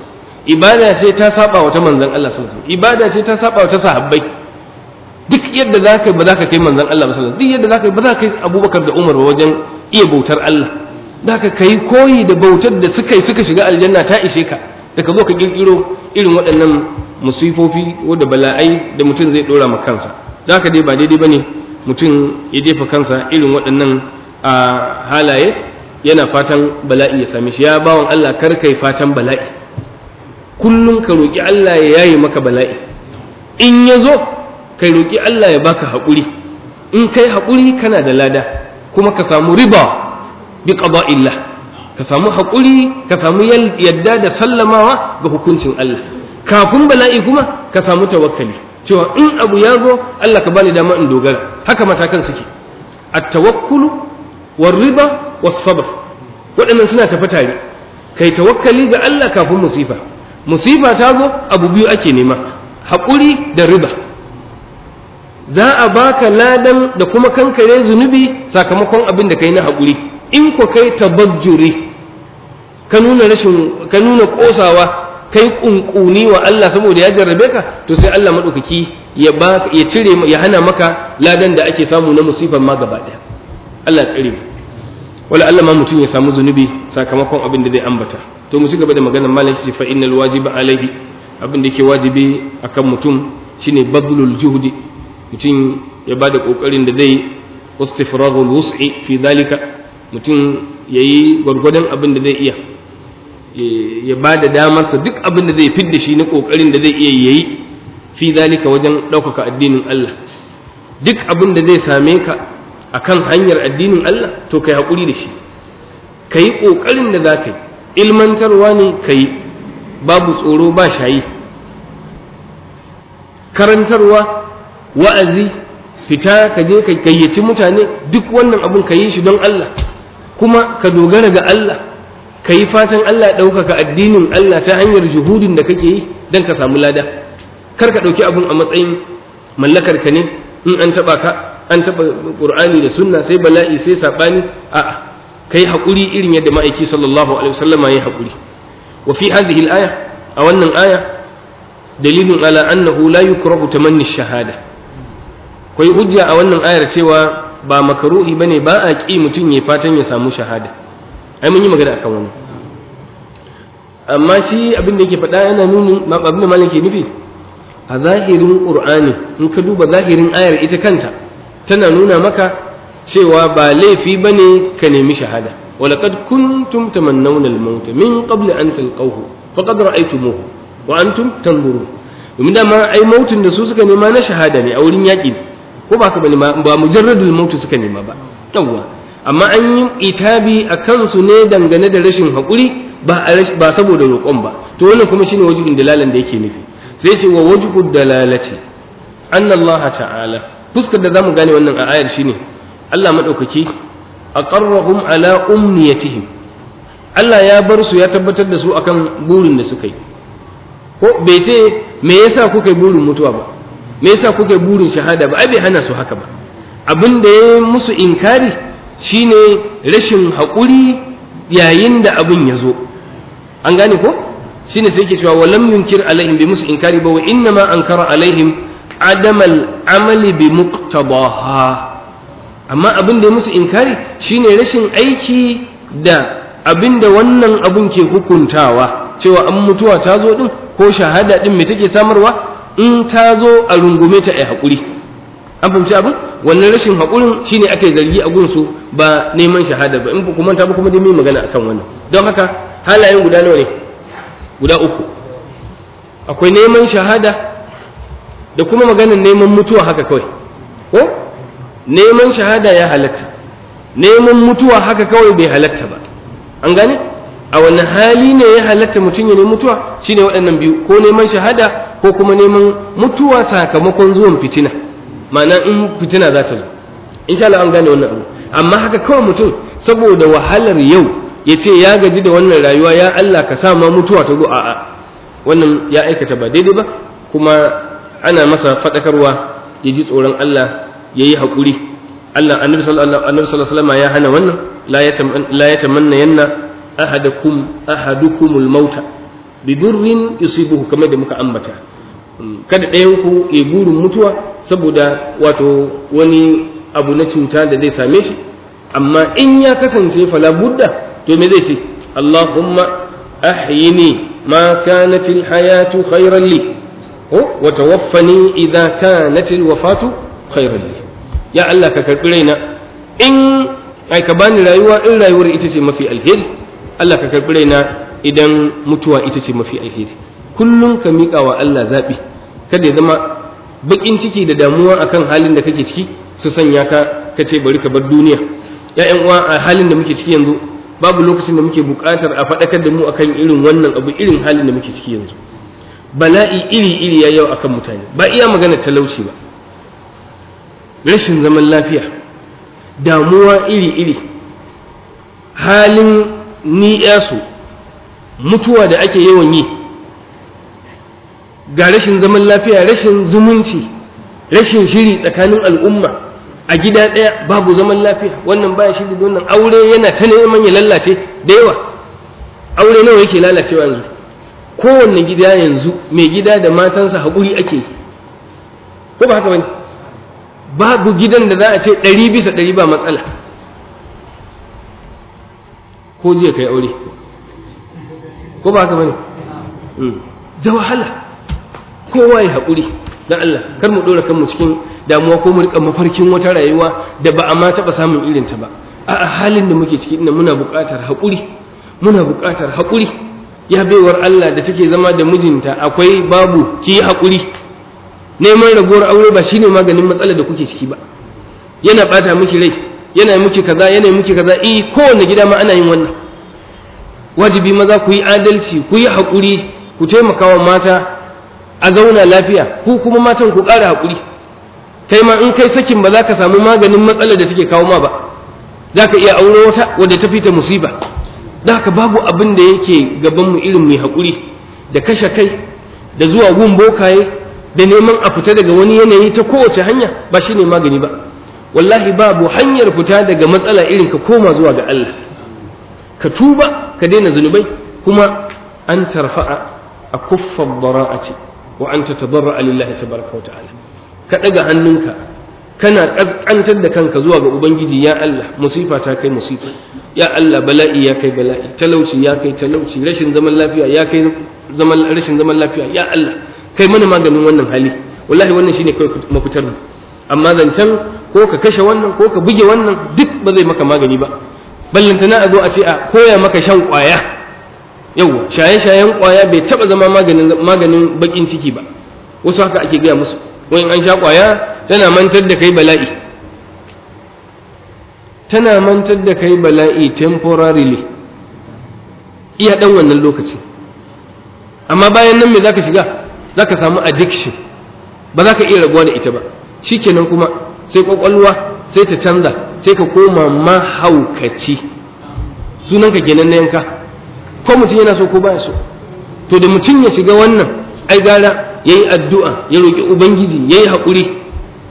ibada ce ta saba wa ta manzon Allah sallallahu alaihi wasallam ibada ce ta saba wa ta sahabbai duk yadda zaka ba zaka kai manzon Allah sallallahu alaihi wasallam duk yadda zaka ba zaka kai Abubakar da Umar wajen iya bautar Allah zaka kai koyi da bautar da suka yi suka shiga aljanna ta ishe ka daga ka zo ka kirkiro irin waɗannan musifofi ko da bala'ai da mutum zai dora ma kansa da haka dai ba daidai bane mutum ya jefa kansa irin waɗannan a halaye yana fatan bala'i ya same shi ya bawan Allah kar kai fatan bala'i kullum ka roƙi Allah ya yaye maka bala'i in ya zo kai roƙi Allah ya baka haƙuri in kai haƙuri kana da lada kuma ka samu riba bi qada'illah ka samu haƙuri ka samu yadda da sallamawa ga hukuncin Allah kafin bala'i kuma ka samu tawakkali cewa in abu ya zo Allah ka bani dama in dogara haka matakan suke at-tawakkulu war-rida was-sabr waɗannan suna tafi tare kai tawakkali ga Allah kafin musifa musifa ta zo abu biyu ake nema haƙuri da riba za a baka ladan da kuma kankare zunubi sakamakon abin da kai na haƙuri in ko kai tabajjuri ka nuna rashin ka nuna kosawa kai kunkuni wa Allah saboda ya jarrabe ka to sai Allah madaukaki ya ba ya cire ya hana maka ladan da ake samu na musifan ma gaba daya Allah tsare mu wala Allah ma mutum ya samu zunubi sakamakon abin da zai ambata to mu cigaba da maganar malam shi fa innal wajiba alaihi abin da yake wajibi akan mutum shine badlul juhdi mutum ya ba da kokarin da zai istifraghul wus'i fi dalika mutum yayi gwargwadon abin da zai iya ya ba da damar damarsa duk abin da zai fidda shi na ƙoƙarin da zai iya yayi fi zalika wajen ɗaukaka addinin Allah duk abin da zai same ka akan hanyar addinin Allah to kai hakuri da shi ka yi da za kai ilmantarwa ne kai babu tsoro ba shayi karantarwa wa'azi fita ka je ka gayyaci mutane duk wannan abin ka yi shi don Allah kuma ka dogara ga Allah ka yi fatan Allah ɗaukaka addinin Allah ta hanyar juhudin da kake yi dan ka samu lada kar ka ɗauki abun a matsayin mallakar ka ne in an taɓa ka an taɓa ƙur'ani da sunna sai bala'i sai saɓani a'a ka yi haƙuri irin yadda ma'aiki sallallahu alaihi wasallam ya yi haƙuri wa fi hadhihi al-aya a wannan aya dalilun ala annahu la yukrahu tamanni shahada kai hujja a wannan ayar cewa ba makaruhi bane ba a ƙi mutum ya fatan ya samu shahada ai mun yi magana akan wannan amma shi abin da yake faɗa yana nuni abin da malam ke nufi a zahirin qur'ani in ka duba zahirin ayar ita kanta tana nuna maka cewa ba laifi bane ka nemi shahada walaqad kuntum tamannawna al-maut min qabli an talqahu faqad ra'aytumuhu wa antum tanzurun domin dama ai mautin da su suka nema na shahada ne a wurin yaƙi ko ba ka bane ba mujarradul mautu suka nema ba yawwa amma an yi itabi a kansu ne dangane da rashin haƙuri ba saboda roƙon ba to wannan kuma shine wajibin dalalan da yake nufi sai ce wa wajibin dalalati anna Allah ta'ala fuskar da zamu gane wannan a ayar shine Allah madaukaki aqarrahum ala umniyatihim Allah ya bar su ya tabbatar da su akan burin da suka yi ko bai ce me yasa kuka yi burin mutuwa ba me yasa kuka yi burin shahada ba ai bai hana su haka ba abin da ya musu inkari Shi ne rashin haƙuri yayin da abin ya zo an gane ko shine sai ke cewa wa yunkir alaihim bi musu inkari ba wa inna ma ankara alaihim Adamal amali bi muqtadaha amma abin da ya musu inkari ne rashin aiki da abin da wannan abun ke hukuntawa cewa an mutuwa ta zo din ko shahada ɗin me take samarwa in ta zo a rungume ta ai haƙuri an fahimci abin wannan rashin haƙurin shine ake zargi a gunsu ba neman shahada ba in ku manta ba kuma dai mai magana akan wannan don haka halayen guda nawa ne guda uku akwai neman shahada da kuma maganar neman mutuwa haka kawai ko neman shahada ya halatta neman mutuwa haka kawai bai halatta ba an gane a wani hali ne ya halatta mutum ya nemi mutuwa shine waɗannan biyu ko neman shahada ko kuma neman mutuwa sakamakon zuwan fitina ma'ana in fitina za ta zo in sha Allah an gane wannan abu amma haka kawai mutum saboda wahalar yau ya ce ya gaji da wannan rayuwa ya Allah ka sa ma mutuwa ta zo a'a wannan ya aikata ba daidai ba kuma ana masa faɗakarwa ya ji tsoron Allah ya yi haƙuri Allah annabi sallallahu alaihi wasallam ya hana wannan la yatamanna yanna ahadukum ahadukumul mauta bidurrin yusibuhu kamar da muka ambata kada ɗayan ku ya gurin mutuwa saboda wato wani abu na cuta da zai same shi amma in ya kasance fala budda to me zai ce Allahumma ahyini ma kanat hayatu khayran li ko wa tawaffani idha kanat alwafatu khayran li ya Allah ka karbi raina in ai ka bani rayuwa in rayuwar ita ce mafi alheri Allah ka karbi raina idan mutuwa ita ce mafi alheri kullum ka miƙa wa Allah zaɓi kada ya zama bakin ciki da damuwa akan halin da kake ciki su sanya ka kace bari ka bar duniya ya'yan uwa a halin da muke ciki yanzu babu lokacin da muke buƙatar a faɗakar da mu akan irin wannan abu irin halin da muke ciki yanzu bala'i iri iri ya yau akan mutane ba iya magana talauci ba rashin zaman lafiya damuwa iri iri halin ni'yasu mutuwa da ake yawan yi ga rashin zaman lafiya rashin zumunci rashin shiri tsakanin al'umma a gida ɗaya babu zaman lafiya wannan baya shiri da wannan aure yana ta neman ya lallace da yawa aure nawa yake lalacewa yanzu kowanne gida yanzu mai gida da matansa haƙuri ake ko ba haka bane babu gidan da za a ce ɗari bisa ɗari ba matsala ko jiya kai aure ko ba haka bane da hmm. wahala kowa ya haƙuri na Allah kar mu ɗora kanmu cikin damuwa ko mu riƙa mafarkin wata rayuwa da ba a ma taɓa samun irinta ba a halin da muke ciki ina muna buƙatar haƙuri muna buƙatar haƙuri ya baiwar Allah da take zama da mijinta akwai babu ki haƙuri neman ragowar aure ba shine maganin matsalar da kuke ciki ba yana ɓata miki rai yana miki kaza yana miki kaza eh kowanne gida ma ana yin wannan wajibi maza ku yi adalci ku yi haƙuri ku taimaka wa mata a zauna lafiya ku kuma matan ku ƙara hakuri? kai ma in kai sakin ba za ka samu maganin matsalar da take kawo ma ba za ka iya aure wata wadda ta fita musiba da ka babu abin da yake gaban mu irin mai hakuri da kashe kai da zuwa gun bokaye da neman a fita daga wani yanayi ta kowace hanya ba shine magani ba wallahi babu hanyar fita daga matsala irin ka koma zuwa ga Allah ka tuba ka daina zunubai kuma an tarfa'a a kuffar bara'ati wa anta tadarra lillahi tabaraka wa ta'ala ka daga hannunka kana kaskantar da kanka zuwa ga ubangiji ya Allah musifa ta kai musifa ya Allah bala'i ya kai bala'i talauci ya kai talauci rashin zaman lafiya ya kai zaman rashin zaman lafiya ya Allah kai mana maganin wannan hali wallahi wannan shine kai mafitar mu amma zancen ko ka kashe wannan ko ka buge wannan duk ba zai maka magani ba ballantana a zo a ce a koya maka shan kwaya yau shaye-shayen kwaya bai taba zama maganin bakin ciki ba wasu haka ake gaya musu wani an sha kwaya tana mantar da kai bala'i tana mantar da kai bala'i temporarily iya dan wannan lokaci amma bayan nan me zaka shiga zaka samu addiction ba za ka iya rabuwa da ita ba shikenan kuma sai kwakwalwa sai ta canza sai ka koma mahaukaci sunanka genan na yanka ko mutum yana so ko baya so to da mutum ya shiga wannan ai gara ya yi addu'a ya roƙi ubangiji ya yi haƙuri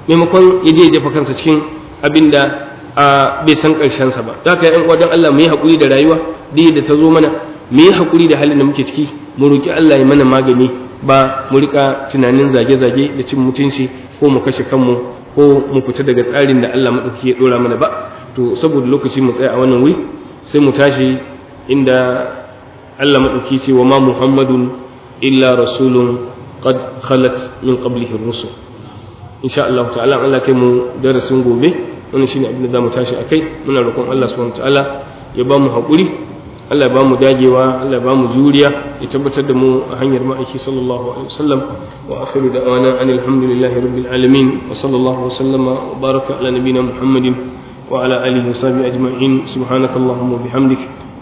maimakon ya je jefa kansa cikin abin da bai san ƙarshensa ba za ka yi uwa don Allah mu yi haƙuri da rayuwa da da ta zo mana mu yi haƙuri da halin da muke ciki mu roƙi Allah ya mana magani ba mu riƙa tunanin zage-zage da cin mutunci ko mu kashe kanmu ko mu fita daga tsarin da Allah maɗaukaki ya ɗora mana ba to saboda lokaci mu tsaya a wannan wuri sai mu tashi inda Allah maɗauki ce wa ma Muhammadun illa rasulun qad khalat min qablihi rusul insha Allah ta'ala Allah kai mu darasin gobe wannan shine abin da zamu tashi akai muna roƙon Allah subhanahu ta'ala ya ba mu haƙuri Allah ba mu dagewa Allah ba mu juriya ya tabbatar da mu a hanyar ma'aiki sallallahu alaihi wasallam wa akhiru da'wana anil hamdulillahi rabbil alamin wa sallallahu wa sallama wa baraka ala nabiyyina Muhammadin وعلى آله وصحبه أجمعين سبحانك اللهم وبحمدك